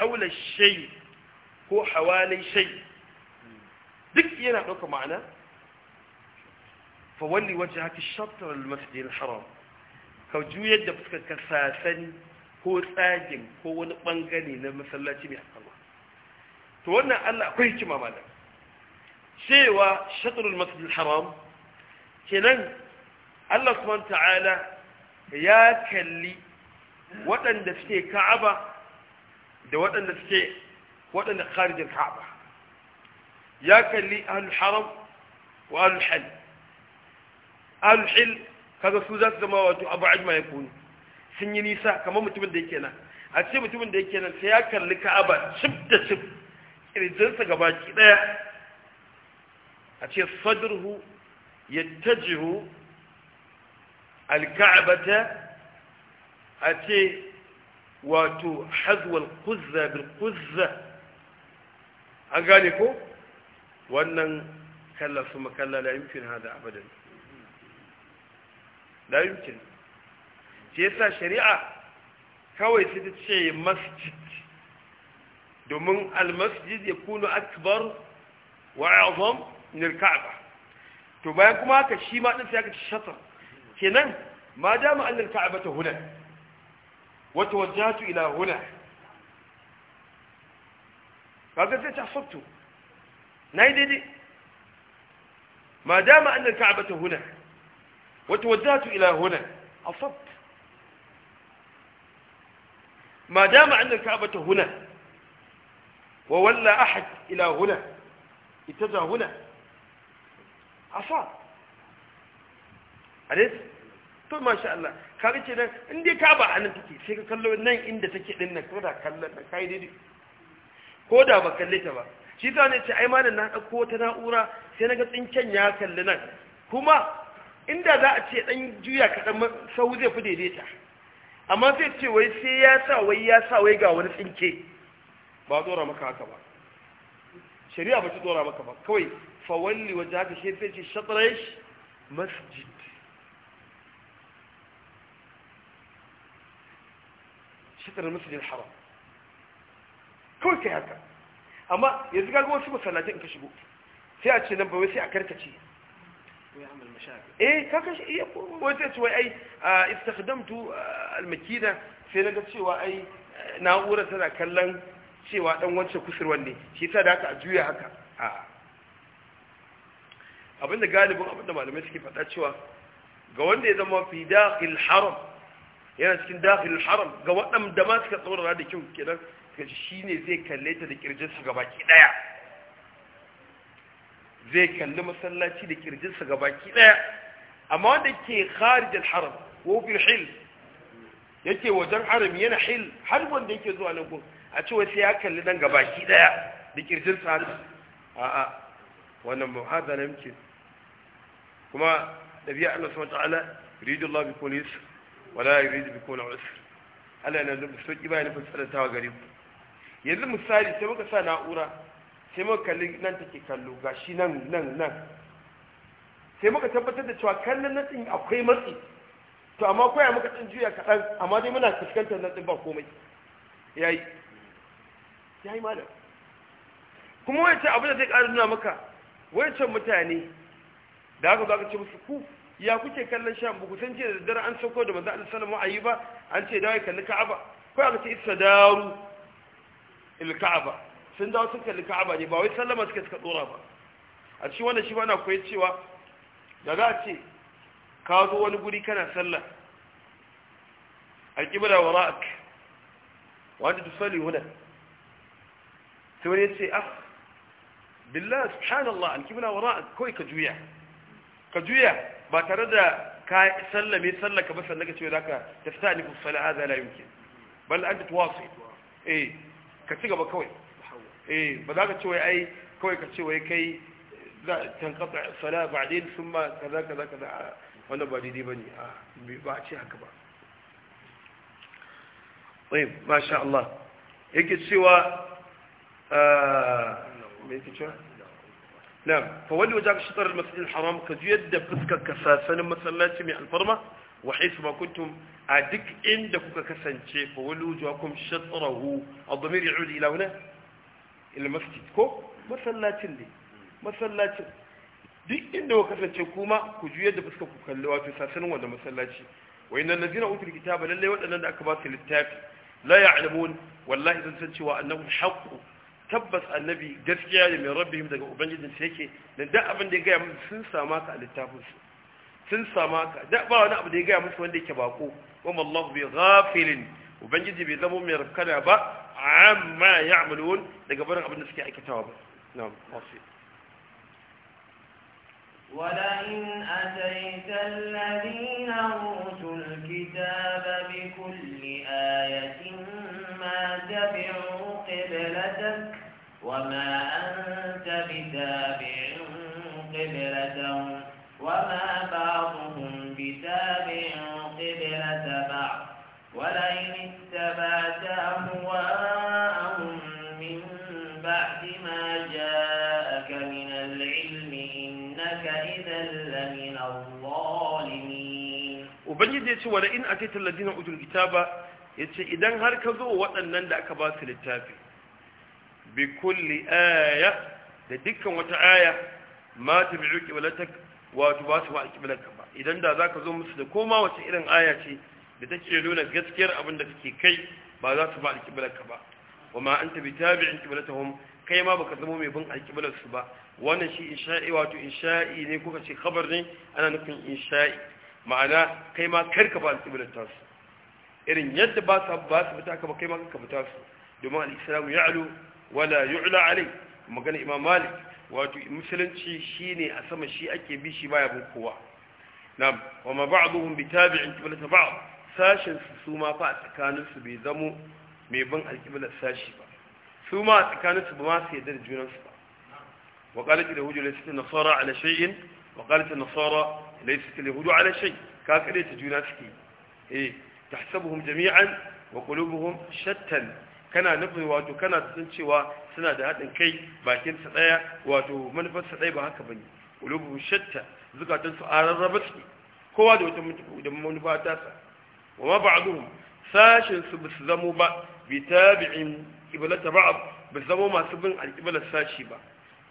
haula shai ko hawalai shai duk yana ɗauka ma'ana fa wani wajhaka haka al-masjid al-haram ka juyar da fuskar ka sasani ko tsagin ko wani bangare na masallaci mai alfarma to wannan Allah akwai hikima ma malam cewa shatrul masjid haram kenan Allah subhanahu ta'ala ya kalli waɗanda suke Ka'aba da waɗanda suke waɗanda kharijin ka'aba ya kalli ahlul haram wa ahlul hal ahlul hal kaga su za su zama wato abu ajma ya kunu sun yi nisa kamar mutumin da yake nan a ce mutumin da yake nan sai ya kalli ka'aba cif da cif kirjinsa gaba ki daya a ce sadruhu yattajihu al-ka'bata a ce wato hazwal kuzza bil kuzza an gane ko wannan kalla su makalla da yumkin hada abadan da yumkin ce yasa shari'a kawai su ta ce masjid domin almasjid ya kuno akbar wa azam min alka'ba to bayan kuma haka shi ma din sai aka ci shatar kenan ma dama annal ka'aba ta hunan وتوجهت إلى هنا فقلت تحصبت نايدي ما دام أن الكعبة هنا وتوجهت إلى هنا عصبت ما دام أن الكعبة هنا وولى أحد إلى هنا اتجه هنا عصاب أليس؟ to masha Allah ka rike nan in dai ka ba anan take sai ka kallo nan inda take din nan koda kallon nan kai dai ko da ba kalle ta ba shi ta ne ce ai malam na dauko ta na'ura sai naga tsinken ya kalli nan kuma inda za a ce dan juya kaɗan sau zai fi daidaita amma sai ce wai sai ya sa wai ya sa wai ga wani tsinke ba dora maka haka ba shari'a ba ta dora maka ba kawai fawalli wajen haka shi sai ce shatrash masjid sitar masjidil haram kawai kai haka amma yanzu ga wasu masallacin ka shigo sai a ce nan ba wai sai a karkace eh kaka shi iya wai sai ce wai ai istakhdamtu almakina sai naga cewa ai na'urar tana kallon cewa dan wancan kusurwan ne shi yasa da haka a juya haka a abinda galibin abinda malamai suke faɗa cewa ga wanda ya zama fi dakhil haram yana cikin dakhilul haram ga waɗanda ma suka tsaurara da kyau kenan suka ci shine zai kalle ta da kirjinsa gabaki daya zai kalli masallaci da kirjinsa gabaki daya amma wanda ke kharijul haram ko fil hil yake wajen haram yana hil har wanda yake zuwa nan gun a ce wasu ya kalli nan gabaki daya da kirjinsa haka a'a wannan muhadara muke kuma dabi'a Allah subhanahu wa ta'ala yuridullahu bi kulli wala yuridu bikum na wasu Allah yana da sauki bayan nufin tsanantawa gare ku yanzu misali sai muka sa na'ura sai muka kalli nan take kallo gashi nan nan nan sai muka tabbatar da cewa kallon nan akwai matsi to amma koya muka cin juya kaɗan amma dai muna fuskantar nan ɗin ba komai yayi yayi malam kuma wace abu da zai ƙara nuna maka wancan mutane da aka zaka ce musu ku ya kuke kallon sham ba ku san ce da daddare an sauko da manzo Allah sallallahu alaihi wasallam ba an ce dawai kalli Ka'aba ko aka ce istadaru il Ka'aba sun dawo sun kalli Ka'aba ne ba wai sallama suka suka dora ba a cikin wannan shi ba na koyi cewa da za a ce ka zo wani guri kana sallah al-qibla wara'ak wa anta tusalli huna sai wani ya ce ah billah subhanallah al-qibla wara'ak kawai ka juya ka juya ba tare da ka sallame sallaka ba sallaka cewa zaka tastani fi salat hada la yumkin bal anta tuwasi eh ka ci gaba kawai eh ba za ka ce wai ai kawai ka ce wai kai za tanqata salat ba'din thumma kaza kaza kaza wannan ba daidai bane a ba ce haka ba طيب ما شاء الله cewa. سوى آه... ما يجي na'am fa wali wajhaka shatr al-masjid al-haram ka yadda fuskar ka sasanin masallaci mai alfarma wa haythu ma kuntum a duk inda kuka kasance fa wali wajhakum shatrahu ad duk inda ku kasance kuma ku juya da fuskar ku kalli wato sasanin wanda masallaci wa inna allazina utul kitaba lalle wadannan da aka ba su littafi la ya'lamun wallahi zan san cewa annahu haqqu tabbas annabi gaskiya ne mai rabbihim daga ubangijin sai yake da duk abin da ya gaya musu sun sama ka a littafin su sun sama ka da ba wani abu da ya gaya musu wanda yake bako wa mallahu bi ghafilin ubangiji bai zama mai rafkana ba amma ya ya'malun daga barin abin da suke aikatawa ba na'am wasi ولئن أتيت الذين أوتوا الكتاب بكل آية ما تبعوا وما أنت بتابع قبلتهم وما بعضهم بتابع قبلة بعض ولئن اتبعت أهواءهم من بعد ما جاءك من العلم إنك إذا لمن الظالمين وبني يتوى ولئن أتيت الذين أوتوا الكتاب يتي إذا har وأن zo waɗannan da bi kulli aya da dukkan wata aya ma ta tabi'u qiblatak wato ba su wa qiblatka ba idan da za ka zo musu da koma wace irin aya ce da take nuna gaskiyar abin da kake kai ba za su ba alqiblatka ba wa wama anta bitabi'in qiblatahum kai ma baka zama mai bin alqiblar su ba wannan shi insha'i wato insha'i ne kuka ce khabar ne ana nufin insha'i ma'ana kai ma karka ba alqiblar tasu irin yadda ba su ba su fita ka ba kai ma karka fita su domin al-islamu ya'lu wala yu'la alai magana imam malik wato musulunci shine a sama shi ake bi shi baya bin kowa na'am wa ma ba'dhum bi tabi'in qiblat ba'd sashin su ma fa a tsakanin su bai zamo mai bin alqiblat sashi ba su ma a tsakanin su ba ma su da junan su ba wa qalat al-yahud laysat an-nasara ala shay'in wa qalat an-nasara laysat al-yahud ala shay ka kade ta juna suke eh tahsabuhum jami'an wa qulubuhum shattan kana nufin wato kana tsan cewa suna da haɗin kai bakin su ɗaya wato manufar su ɗaya ba haka bane ulubu shatta zukatan su ararraba su kowa da wata mutu da manufa ta sa wa ma ba'duhum sashin su bisu zamo ba bi tabi'in qiblata ba'd bisu zamo masu bin alqiblar sashi ba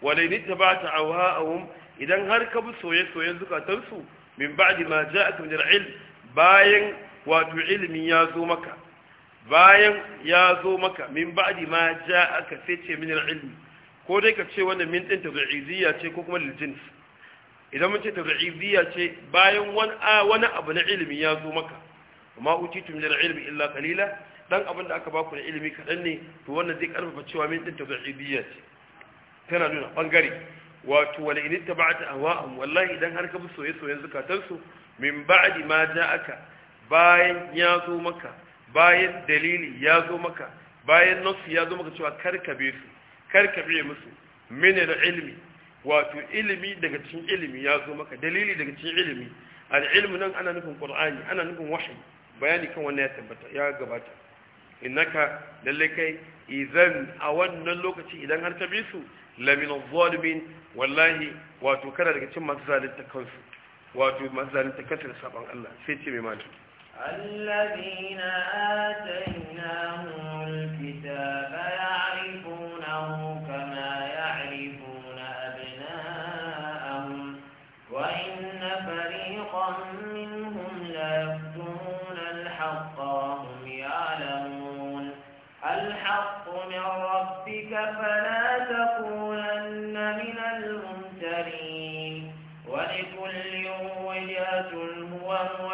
walai ni tabata awha'ahum idan har ka bi soye-soyen zukatan su min ba'di ma ja'aka min al bayan wato ilimin ya zo maka bayan ya zo maka min ba'di ma ja'aka sai ce min al-ilmi ko dai ka ce wannan min din tabi'iziyya ce ko kuma liljins idan mun ce tabi'iziyya ce bayan wani abu na ilimi ya zo maka amma utitu min al-ilmi illa qalila dan abin da aka ba ku na ilimi kadan ne to wannan zai karfafa cewa min din tabi'iziyya ce tana nuna bangare wato wala in tabata ahwa'ahum wallahi idan har ka bi soyayya zakatansu min ba'di ma ja'aka bayan ya zo maka bayan dalili ya zo maka bayan nasu ya zo maka cewa karkabe su karkabe musu minar ilmi wato ilimi daga cikin ilimi ya zo maka dalili daga cikin ilimi al-ilmu nan ana nufin qur'ani ana nufin wahyi bayani kan wannan ya tabbata ya gabata innaka lalle kai idan a wannan lokaci idan har ta bi su lamin zalimin wallahi wato kana daga cikin masu zalunta kansu wato masu zalunta kansu da saban Allah sai ce mai malami الذين آتيناهم الكتاب يعرفونه كما يعرفون أبناءهم وإن فريقا منهم ليكتمون الحق وهم يعلمون الحق من ربك فلا تكونن من الممترين ولكل وجهة هو مولى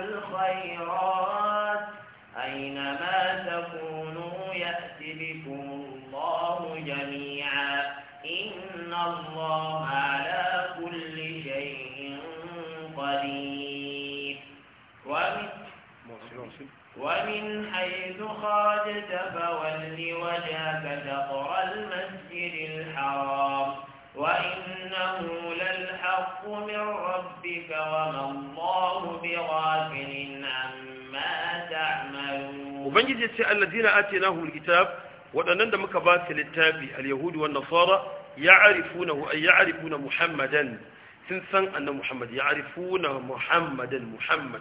الخيرات أينما تكونوا يأتي بكم الله جميعا إن الله على كل شيء قدير ومن, ومن حيث خرجت فول وجهك شطر المسجد الحرام وإنه للحق من ربك وما الله بغير ubangiji ce alladina atainahumul alkitab wadannan da muka ba su littafi alyahudi wan nasara ya'rifunahu ay ya'rifuna muhammadan sun san annabi muhammad ya'rifuna muhammadan muhammad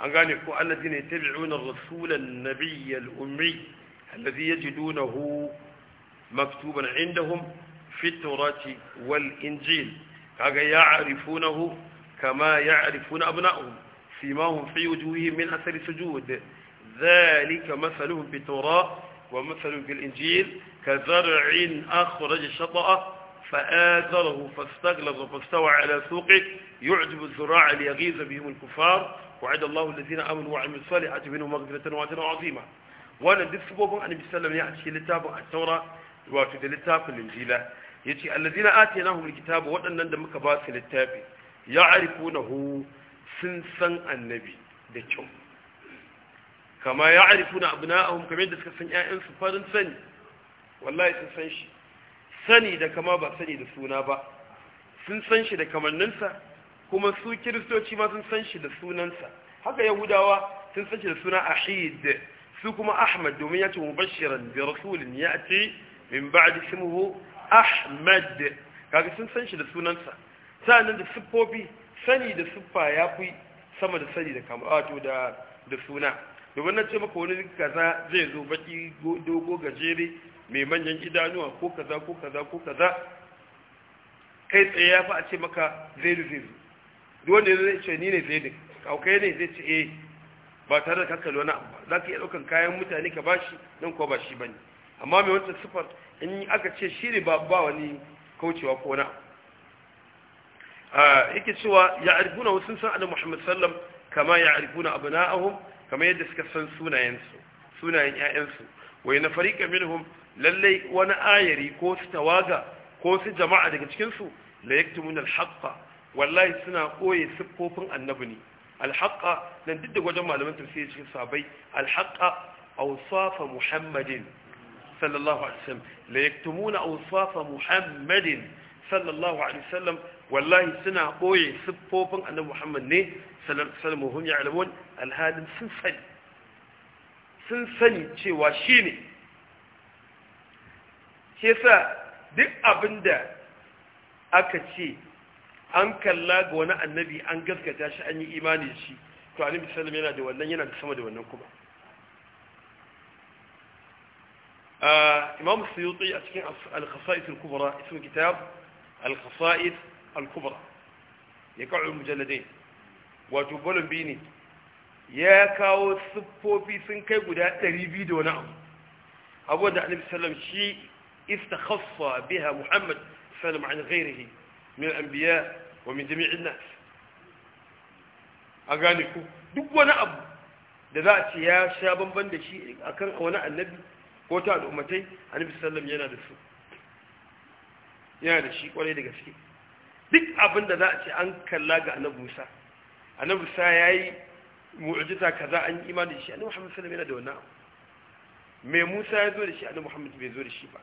an gane ko alladina yattabi'una ar-rasula an-nabiyya al-ummi alladhi yajidunahu maktuban 'indahum fi at-taurati wal-injil kaga ya'rifunahu kama ya'rifuna abna'uhum سيماهم في وجوههم من أثر سجود ذلك مثلهم في التوراه ومثلهم في الانجيل كزرع أخرج الشطأ فآذره فاستغلظ فاستوى على سوقه يعجب الزراع ليغيظ بهم الكفار وعد الله الذين آمنوا وعملوا الصالحات منهم مغفرة واجرا عظيما وانا دسبوب ان النبي صلى الله عليه وسلم يعطي التوراة وفي التوراة الإنجيل يجي الذين آتيناهم الكتاب وانا ندم باس للتاب يعرفونه sun san annabi da kyau kama ya arifu na abu na'ahun kamar da suka san 'ya'yansu farin sani wallahi sun san shi sani da kama ba sani da suna ba sun san shi da kamanninsa kuma su kiristoci ma sun san shi da sunansa haka yahudawa sun san shi da suna ahid su kuma ahmad domin ya ce mubashiran da rasulun ya ce min ba'di ismuhu ahmad kaga sun san shi da sunansa sa'annan da siffofi sani da siffa ya fi sama da sani da kamar da da suna domin na ce maka wani kaza zai zo baki dogo gajere mai manyan idanuwa ko kaza ko kaza ko kaza kai tsaye ya fi a ce maka zai zai zo duk wanda zai ce ni ne zai ne ne zai ce eh ba tare da kakkalo na amma za ka iya ɗaukan kayan mutane ka bashi nan kuwa ba shi ba ne amma mai wancan siffar in aka ce shi ne ba wani kaucewa ko na amma yake cewa ya arifuna wasu san annabi Muhammad sallam kama ya arifuna abna'ahum kama yadda suka san sunayensu sunayen ƴaƴansu wai na fariqa minhum lallai wani ayari ko su tawaga ko su jama'a daga cikinsu su la yaktumuna al-haqqa wallahi suna koye siffofin annabi ne al-haqqa nan duk da wajen malaman tafsiri cikin sahabbai al-haqqa muhammadin sallallahu alaihi wasallam la yaktumuna awsafa muhammadin sallallahu alaihi wasallam wallahi suna ɓoye siffofin annabi muhammad ne sallallahu ya ya'lamun alhalin sun sani sun sani cewa shine ke sa duk abinda aka ce an kalla ga wani annabi an gaskata shi an yi imani shi to annabi sallallahu yana da wannan yana da sama da wannan kuma ah, imam suyuti a cikin al-khasa'is al-kubra ismu kitab al al-kubra ya kawo mujalladai wato bolon biyu ne ya kawo siffofi sun kai guda 200 da wani abu abuwa da annabi sallam shi ista istakhaffa biha muhammad sallam an ghairihi min anbiya wa min jami'in nas a gane ku duk wani abu da za a ce ya sha bamban da shi a akan wani annabi ko ta al'ummatai annabi sallam yana da su yana da shi kwarai da gaske duk abin da za a ce an kalla ga annabi Musa ya yi yayi mu'jiza kaza an yi imanin shi annabi Muhammad sallallahu alaihi wasallam yana da wannan me Musa ya zo da shi annabi Muhammad bai zo da shi ba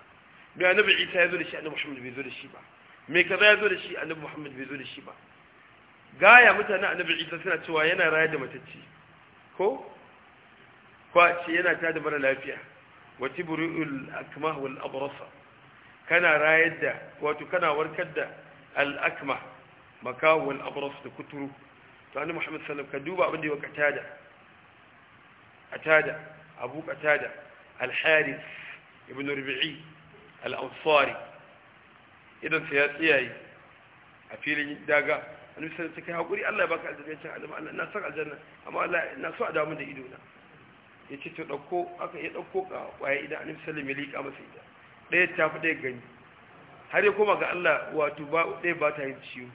me annabi Isa ya zo da shi annabi Muhammad bai zo da shi ba me kaza ya zo da shi annabi Muhammad bai zo da shi ba gaya mutanen annabi Isa suna cewa yana rayar da matacci ko kwa ce yana tada mara lafiya wa tibri'ul akmah wal abrasa kana rayar da wato kana warkar da al'akma makawul abras da kuturu to annabi muhammad sallam ka duba abin da ya katada atada abu katada al-haris ibn rubi'i al-ansari idan sai ya tsiyaye a filin daga annabi sallam ta kai haƙuri Allah ya baka aljanna annabi Allah na san aljanna amma Allah na so a damun da ido na yace ta ɗauko aka iya ɗauko ka waye idan annabi sallam ya lika masa ita ɗaya ta fi ɗaya gani har ya koma ga Allah wato ba ɗaya ba ta yin ciwo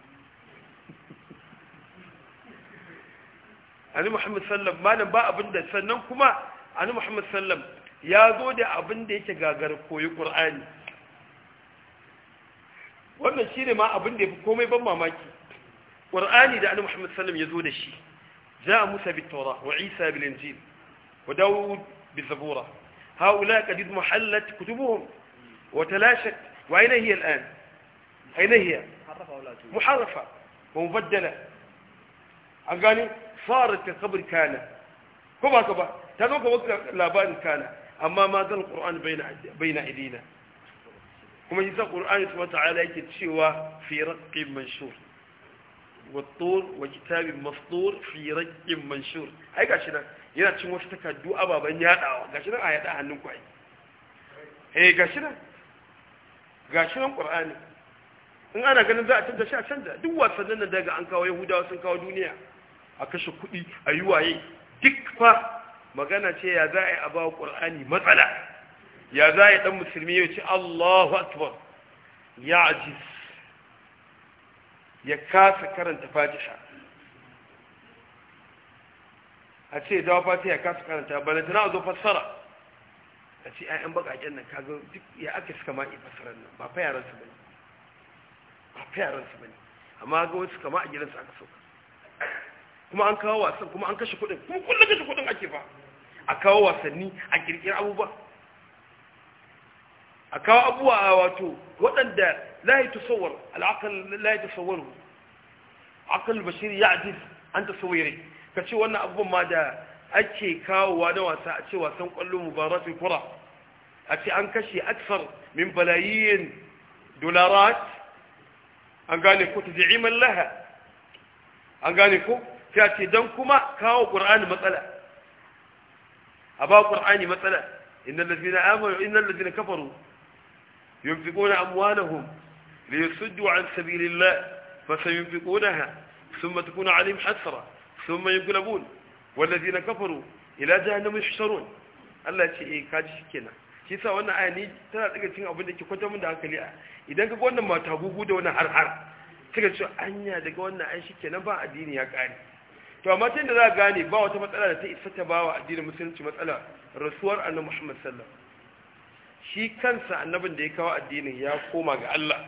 ani muhammad sallam malam ba abin da sannan kuma ani muhammad sallam ya zo da abin da yake gagar koyi ƙur'ani wannan shi ne ma abin da ya fi komai ban mamaki ƙur'ani da ani muhammad sallam ya zo da shi za a musa bi taura wa isa bil injil wa dawud bi zabura haula qad muhallat kutubuhum wa talashat وأين هي الآن أين هي محرفة ومبدلة أقاني صارت كقبر كان كما كما تنوك وقت لابان كان أما ما قال القرآن بين بين أيدينا كما يسا القرآن سبحانه وتعالى يتشوى في رق منشور والطور وكتاب مسطور في رق منشور هاي قاشنا yana cin wasu takardu ababen yadawa gashi nan a yada hannun kwai eh gashi nan ga shi nan in ana ganin za a canza shi a canza duk wasannin da daga an kawo yahudawa sun kawo duniya a kashe kuɗi a yi waye duk fa magana ce ya za a yi a ba matsala ya za a yi ɗan musulmi ya ce allahu akbar ya ajiz ya kasa karanta fatiha a ce dawa fatiha ya kasa karanta balantana a zo fassara a ce 'ya'yan bakaken nan kaga duk ya aka suka ma iya fasarar nan ba fa yaran su bane ba fa yaran su bane amma ga wasu kama a gidansu aka sauka kuma an kawo wasan kuma an kashe kuɗin kuma kullum kashe kuɗin ake ba a kawo wasanni a kirkir abubuwa a kawo abubuwa a wato waɗanda layi tasawar al'akal layi tasawar akal bashir ya adil an ta tasawire ka ce wannan abubuwan ma da ake kawowa na wasa a ce wasan kwallo mubaratun kura a ce an kashe aksar min balayiyin dolarat an gane ko ta ji'iman laha an gane ko ta ce don kuma kawo ƙur'ani matsala a ba ƙur'ani matsala innan lalzina amuru innan lalzina kafaru yunfiquna amwalahum liyasuddu an sabilillah fa sayunfiqunaha thumma takunu alayhim hasra thumma yughlabun wallazi na kafaru ila jahannama yusharun Allah ce eh kaji shikenan shi sa wannan aya ni tana daga cikin abin da ke kwata mun da hankali idan ka ga wannan mata gugu da wannan har har kaga cewa anya daga wannan ai shikenan ba addini ya kare to amma tunda za ka gane ba wata matsala da ta isa ta bawa addinin musulunci matsala rasuwar annabi Muhammad sallallahu shi kansa annabin da ya kawo addinin ya koma ga Allah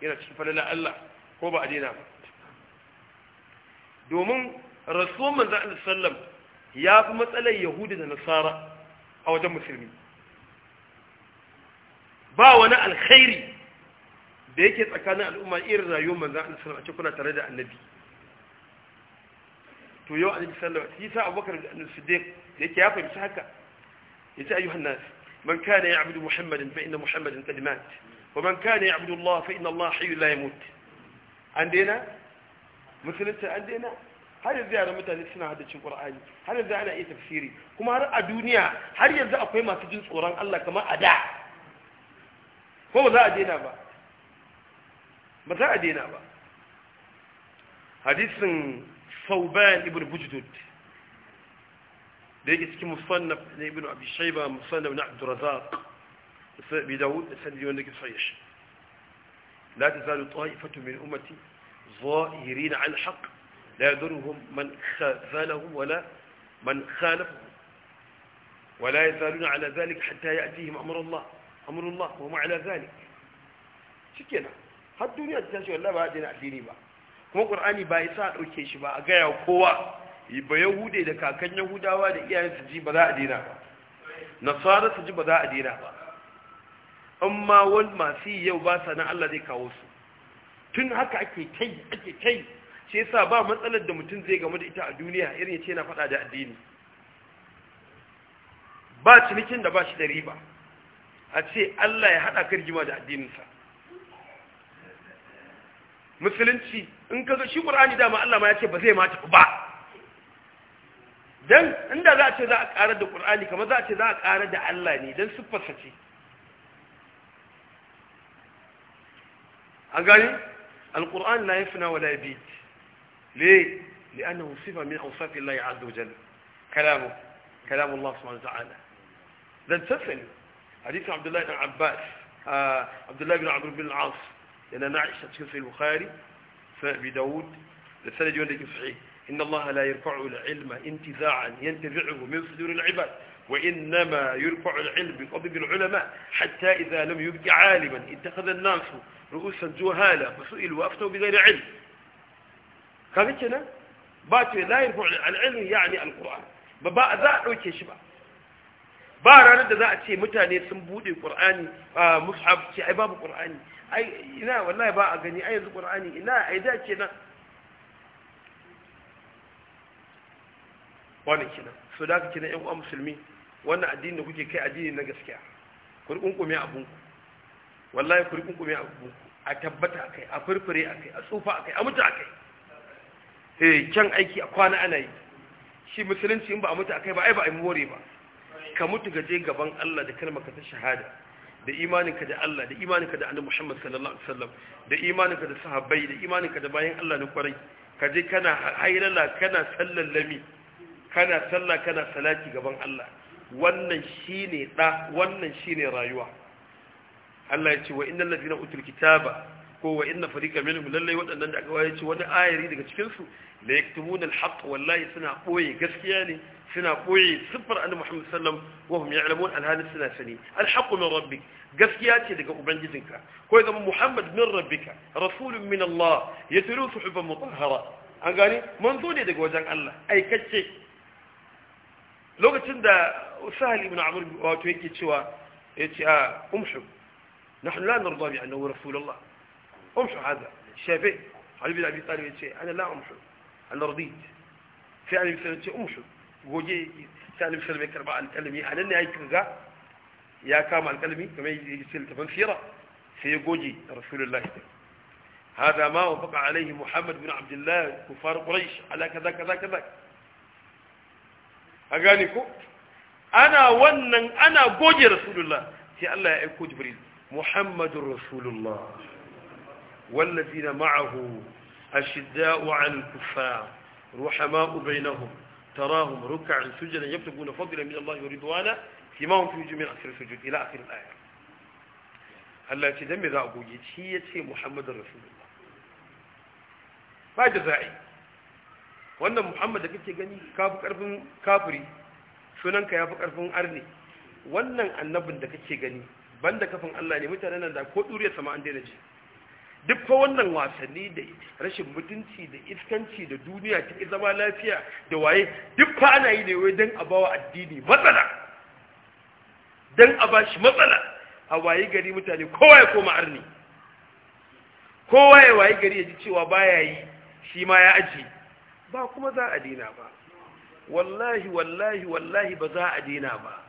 yana cikin falala Allah ko ba addina ba domin rasuwar manzo Allah sallallahu ya fi matsalar yahudu da nasara a wajen musulmi ba wani alkhairi da yake tsakanin al'umma irin rayuwar manzan Allah sallallahu alaihi wasallam kuna tare da annabi to yau annabi sallallahu alaihi wasallam Abubakar da Annabi Siddiq da yake ya fahimci haka yace ayyuhan nas man kana ya'budu Muhammadan fa inna Muhammadan qad mat wa man kana ya'budu Allah fa inna Allah hayyun la yamut an daina musulunci an daina har yanzu yaran mutane suna haddacin qur'ani har yanzu ana iya tafsiri kuma har a duniya har yanzu akwai masu jin tsoron Allah kamar a da ko ba za a daina ba ba za a daina ba hadisin sauban ibn bujdud da yake cikin musannaf na ibn abi shayba musannaf na abdurrazzaq bi da sanadi wanda ke sahih la tazalu ta'ifatu min ummati ظاهرين على الحق لا يدرهم من خالفهم ولا من خالفهم ولا يزالون على ذلك حتى يأتيهم أمر الله أمر الله وهم على ذلك شكينا هالدنيا تنسي الله بعد نأتيني با هم قرآني بايساء وكيش با أقايا وقوة يبا يهودي لكا كان يهودا والي إيان سجيب ذا أدينا نصارى سجيب ذا أدينا أما والما سي يوباسنا الله ديكا تنهك أكي كي أكي كي, shi yasa ba matsalar da mutum zai game da ita a duniya irin ya ce na faɗa da addini ba cinikin da ba shi da riba a ce Allah ya haɗa ka rigima da addininsa musulunci in ka zo shi ƙur'ani dama Allah ma ya ce ba zai mata ba dan inda za a ce za a ƙarar da ƙur'ani kamar za a ce za a ƙarar da Allah ne don siffarsa ce an gani alƙur'an la yafna wala yabit ليه لأنه صفة من أوصاف الله عز وجل كلامه كلام الله سبحانه وتعالى ذا تسلسل حديث عبد الله بن عباس آه عبد الله بن عمرو بن العاص لأن عائشة في البخاري أبي داود لسنة جوانك صحيح إن الله لا يرفع العلم انتزاعا ينتزعه من صدور العباد وإنما يرفع العلم بقبض العلماء حتى إذا لم يبقى عالما اتخذ الناس رؤوسا جهالا فسئلوا وأفتوا بغير علم kaga kenan ba ce la yarfu al-ilm yani al-qur'an ba ba za a dauke shi ba ba ranar da za a ce mutane sun bude qur'ani mushaf ce ai babu qur'ani ai ina wallahi ba a gani ai yanzu qur'ani ina ai da kenan wannan kenan so da kenan ƴan uwan musulmi wannan addini da kuke kai addini na gaskiya ku rikunkume abun ku wallahi ku rikunkume abun ku a tabbata akai a furfure akai a tsufa akai a mutu akai eh kyan aiki a kwana ana yi shi musulunci in ba a mutu a kai ba ai ba a yi more ba ka mutu ga je gaban Allah da kalmar ta shahada da imaninka da Allah da imaninka da Annabi Muhammad sallallahu alaihi wasallam da imaninka da sahabbai da imaninka da bayan Allah na kwarai ka je kana hayrala kana sallallami kana sallah kana salati gaban Allah wannan shine da wannan shine rayuwa Allah ya ce wa innal ladina utul kitaba kowa wa inna farika minhum lallai waɗannan da aka waye ci wani ayari daga cikin su la yaktumun alhaq wallahi suna boye gaskiya ne suna boye sifar annabi Muhammad sallam wa hum ya'lamun alhadith suna sani alhaq min rabbik gaskiya ce daga ubangijinka ko zama Muhammad min rabbika rasulun min Allah yatlu suhufan mutahhara an gani manzo ne daga wajen Allah aikace lokacin da Sahal ibn Amr wato yake cewa yace a ah, umhib nahnu la narda bi annahu rasulullah أمشوا هذا الشافعي علي بن أبي طالب يتشي أنا لا أمشوا أنا رضيت في علي بن أبي أمشوا وجي سالم سلم كربا الكلمي يعني أنا اللي هاي كذا يا كام الكلمي كما يجلس فيرة في جوجي رسول الله هذا ما وفق عليه محمد بن عبد الله كفار قريش على كذا كذا كذا أجانكو أنا ونن أنا جوجي رسول الله في الله يكون جبريل محمد رسول الله والذين معه أشداء على الكفار رحماء بينهم تراهم ركعا سجدا يبتغون فضلا من الله ورضوانا فيما هم في جميع أخر السجود إلى آخر الآية Allah ce dan za a goge shi ya ce Muhammadu Rasulullah ba da za'i wannan Muhammad da kake gani kafi kafiri sunanka ya fi karfin arni wannan annabin da kake gani banda kafin Allah ne mutanen nan da ko duriyar sama an daina ji duk fa wannan wasanni da rashin mutunci da iskanci da duniya ta zama lafiya da waye duk fa ana yi ne wai don a bawa addini matsala don a ba shi matsala a waye gari mutane kowa ya koma arni kowa ya waye gari ya ji cewa baya yi shi ma ya aji ba kuma za a dina ba wallahi wallahi wallahi ba za a dina ba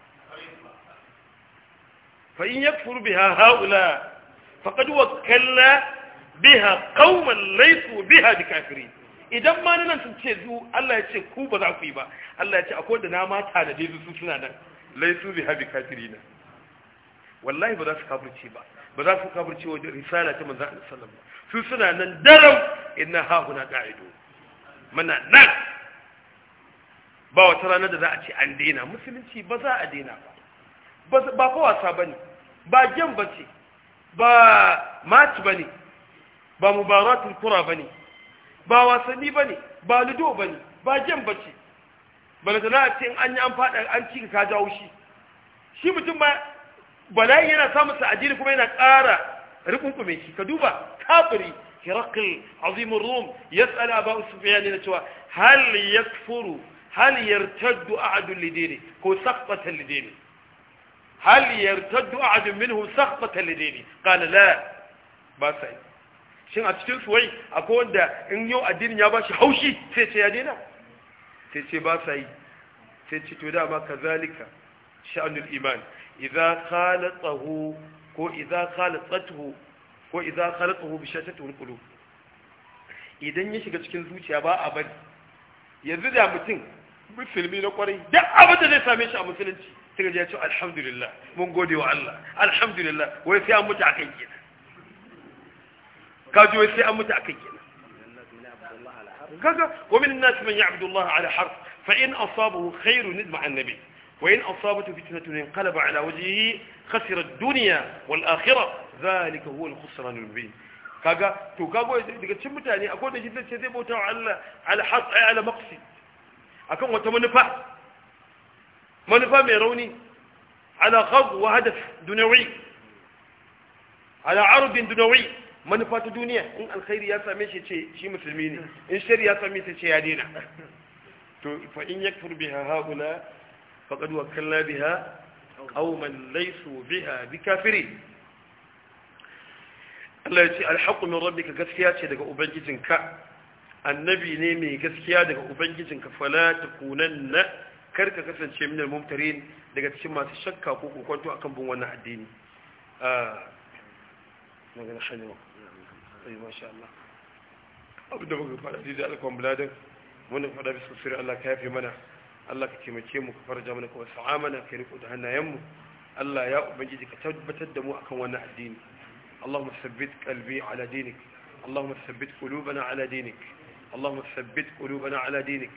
fa in yakfur biha haula faqad wakkalna biha qauman laysu biha kafiri, idan ma nan sun ce zu Allah ya ce ku ba za ku yi ba Allah ya ce akwai da na mata da dai su suna nan laysu biha na. wallahi ba za su kafirci ba ba za su kafirci wajen risala ta manzo Allah sallallahu alaihi su suna nan daram inna ha huna qa'idu muna nan ba wata ranar da za a ce an daina musulunci ba za a daina ba ba kowa wasa bane ba gyan bace ba match bane ba mubaratul kura bane ba wasanni bane ba ludo bane ba jan bace balantana a ce an yi an fada an cika ka jawo shi shi mutum ba bala yana samun sa kuma yana ƙara rikunkume shi ka duba kafiri hirakil azimin rum ya tsala ba usufiya ne na cewa hal ya furu hal yartaddu a'adun lidini ko sakbatan lidini hal yartaddu a'adun minhu sakbatan lidini qala la ba sai shin a cikin su wai akwai wanda in yau addinin ya ba shi haushi sai ce ya daina sai ce ba sa yi sai ce to dama kazalika sha'anul iman idza khalatsahu ko idza khalatsatuhu ko idza khalatsahu bi shatatul qulub idan ya shiga cikin zuciya ba a bari yanzu da mutum musulmi na kwarai duk abin da zai same shi a musulunci sai ya ce alhamdulillah mun gode wa Allah alhamdulillah wai sai an mutu akan kina كاجو يسي أمتا أكينا ومن الناس من يعبد الله على حرف فإن أصابه خير ندم النبي وإن أصابته فتنة انقلب على وجهه خسر الدنيا والآخرة ذلك هو الخسران المبين كاجا تو كاجو يدك شم تاني أقول نجد الشذيب وتو على على حرف على مقصد أكون وتمنفع منفع ميروني على غض وهدف دنيوي على عرض دنيوي manufa ta duniya in alkhairi ya same shi ce shi musulmi ne in shari ya same shi ce ya dena to fa in yakfur biha haula faqad wakkalna biha qauman laysu biha bikafiri Allah ya ce alhaqqu min rabbika gaskiya ce daga ubangijinka annabi ne mai gaskiya daga ubangijinka fala takunanna karka kasance minal mumtarin daga cikin masu shakka ko kokonto akan bin wannan addini آه... Ah, tsaye masha Allah abu da muka faɗa da alkwan buladin wanda faɗa bisa sirri Allah ka yafe mana Allah ka taimake mu ka farja mana ka wasu ka riko da hannayenmu Allah ya ubangiji ka tabbatar da mu akan wannan addini اللهم ثبت قلبي على دينك اللهم ثبت قلوبنا على دينك اللهم ثبت قلوبنا على دينك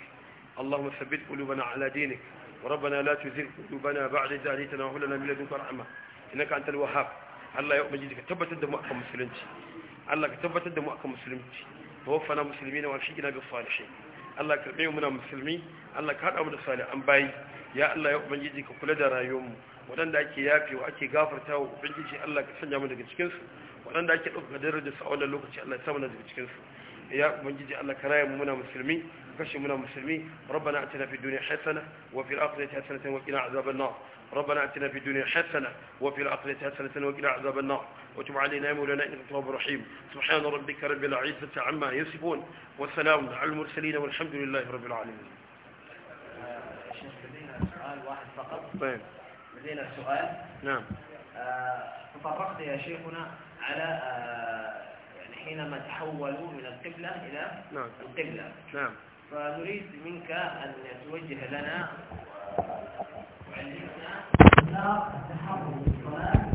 اللهم ثبت قلوبنا على دينك وربنا لا تزغ قلوبنا بعد إذ هديتنا وهب لنا من لدنك رحمة إنك أنت الوهاب الله يؤمن جدك تبت الدم أكم Allah ka tabbatar da mu akan musulunci tawaffana musulmi na wafi gina bisa da shi Allah ka tsaye muna musulmi Allah ka haɗa mu da salihan bayi ya Allah ya ubangiji ka kula da rayuwarmu waɗanda ake wa ake gafarta wa ubangiji Allah ka sanya mu daga cikinsu waɗanda ake ɗauka darajar su a wannan lokaci Allah ya sa mu daga cikinsu ya ubangiji Allah ka raya mu muna musulmi كشي من المسلمين ربنا اعتنا في الدنيا حسنة وفي الآخرة حسنة وقنا عذاب النار ربنا اعتنا في الدنيا حسنة وفي الآخرة حسنة وقنا عذاب النار وتب علينا يا مولانا إنك تواب رحيم سبحان ربك رب العزة عما يصفون وسلام على المرسلين والحمد لله رب العالمين شيخ لدينا سؤال واحد فقط طيب لدينا سؤال نعم آه، تطرقت يا شيخنا على آه، يعني حينما تحولوا من القبلة إلى نعم. القبلة نعم فنريد منك أن توجه لنا وعلمنا لا تحرم الصلاة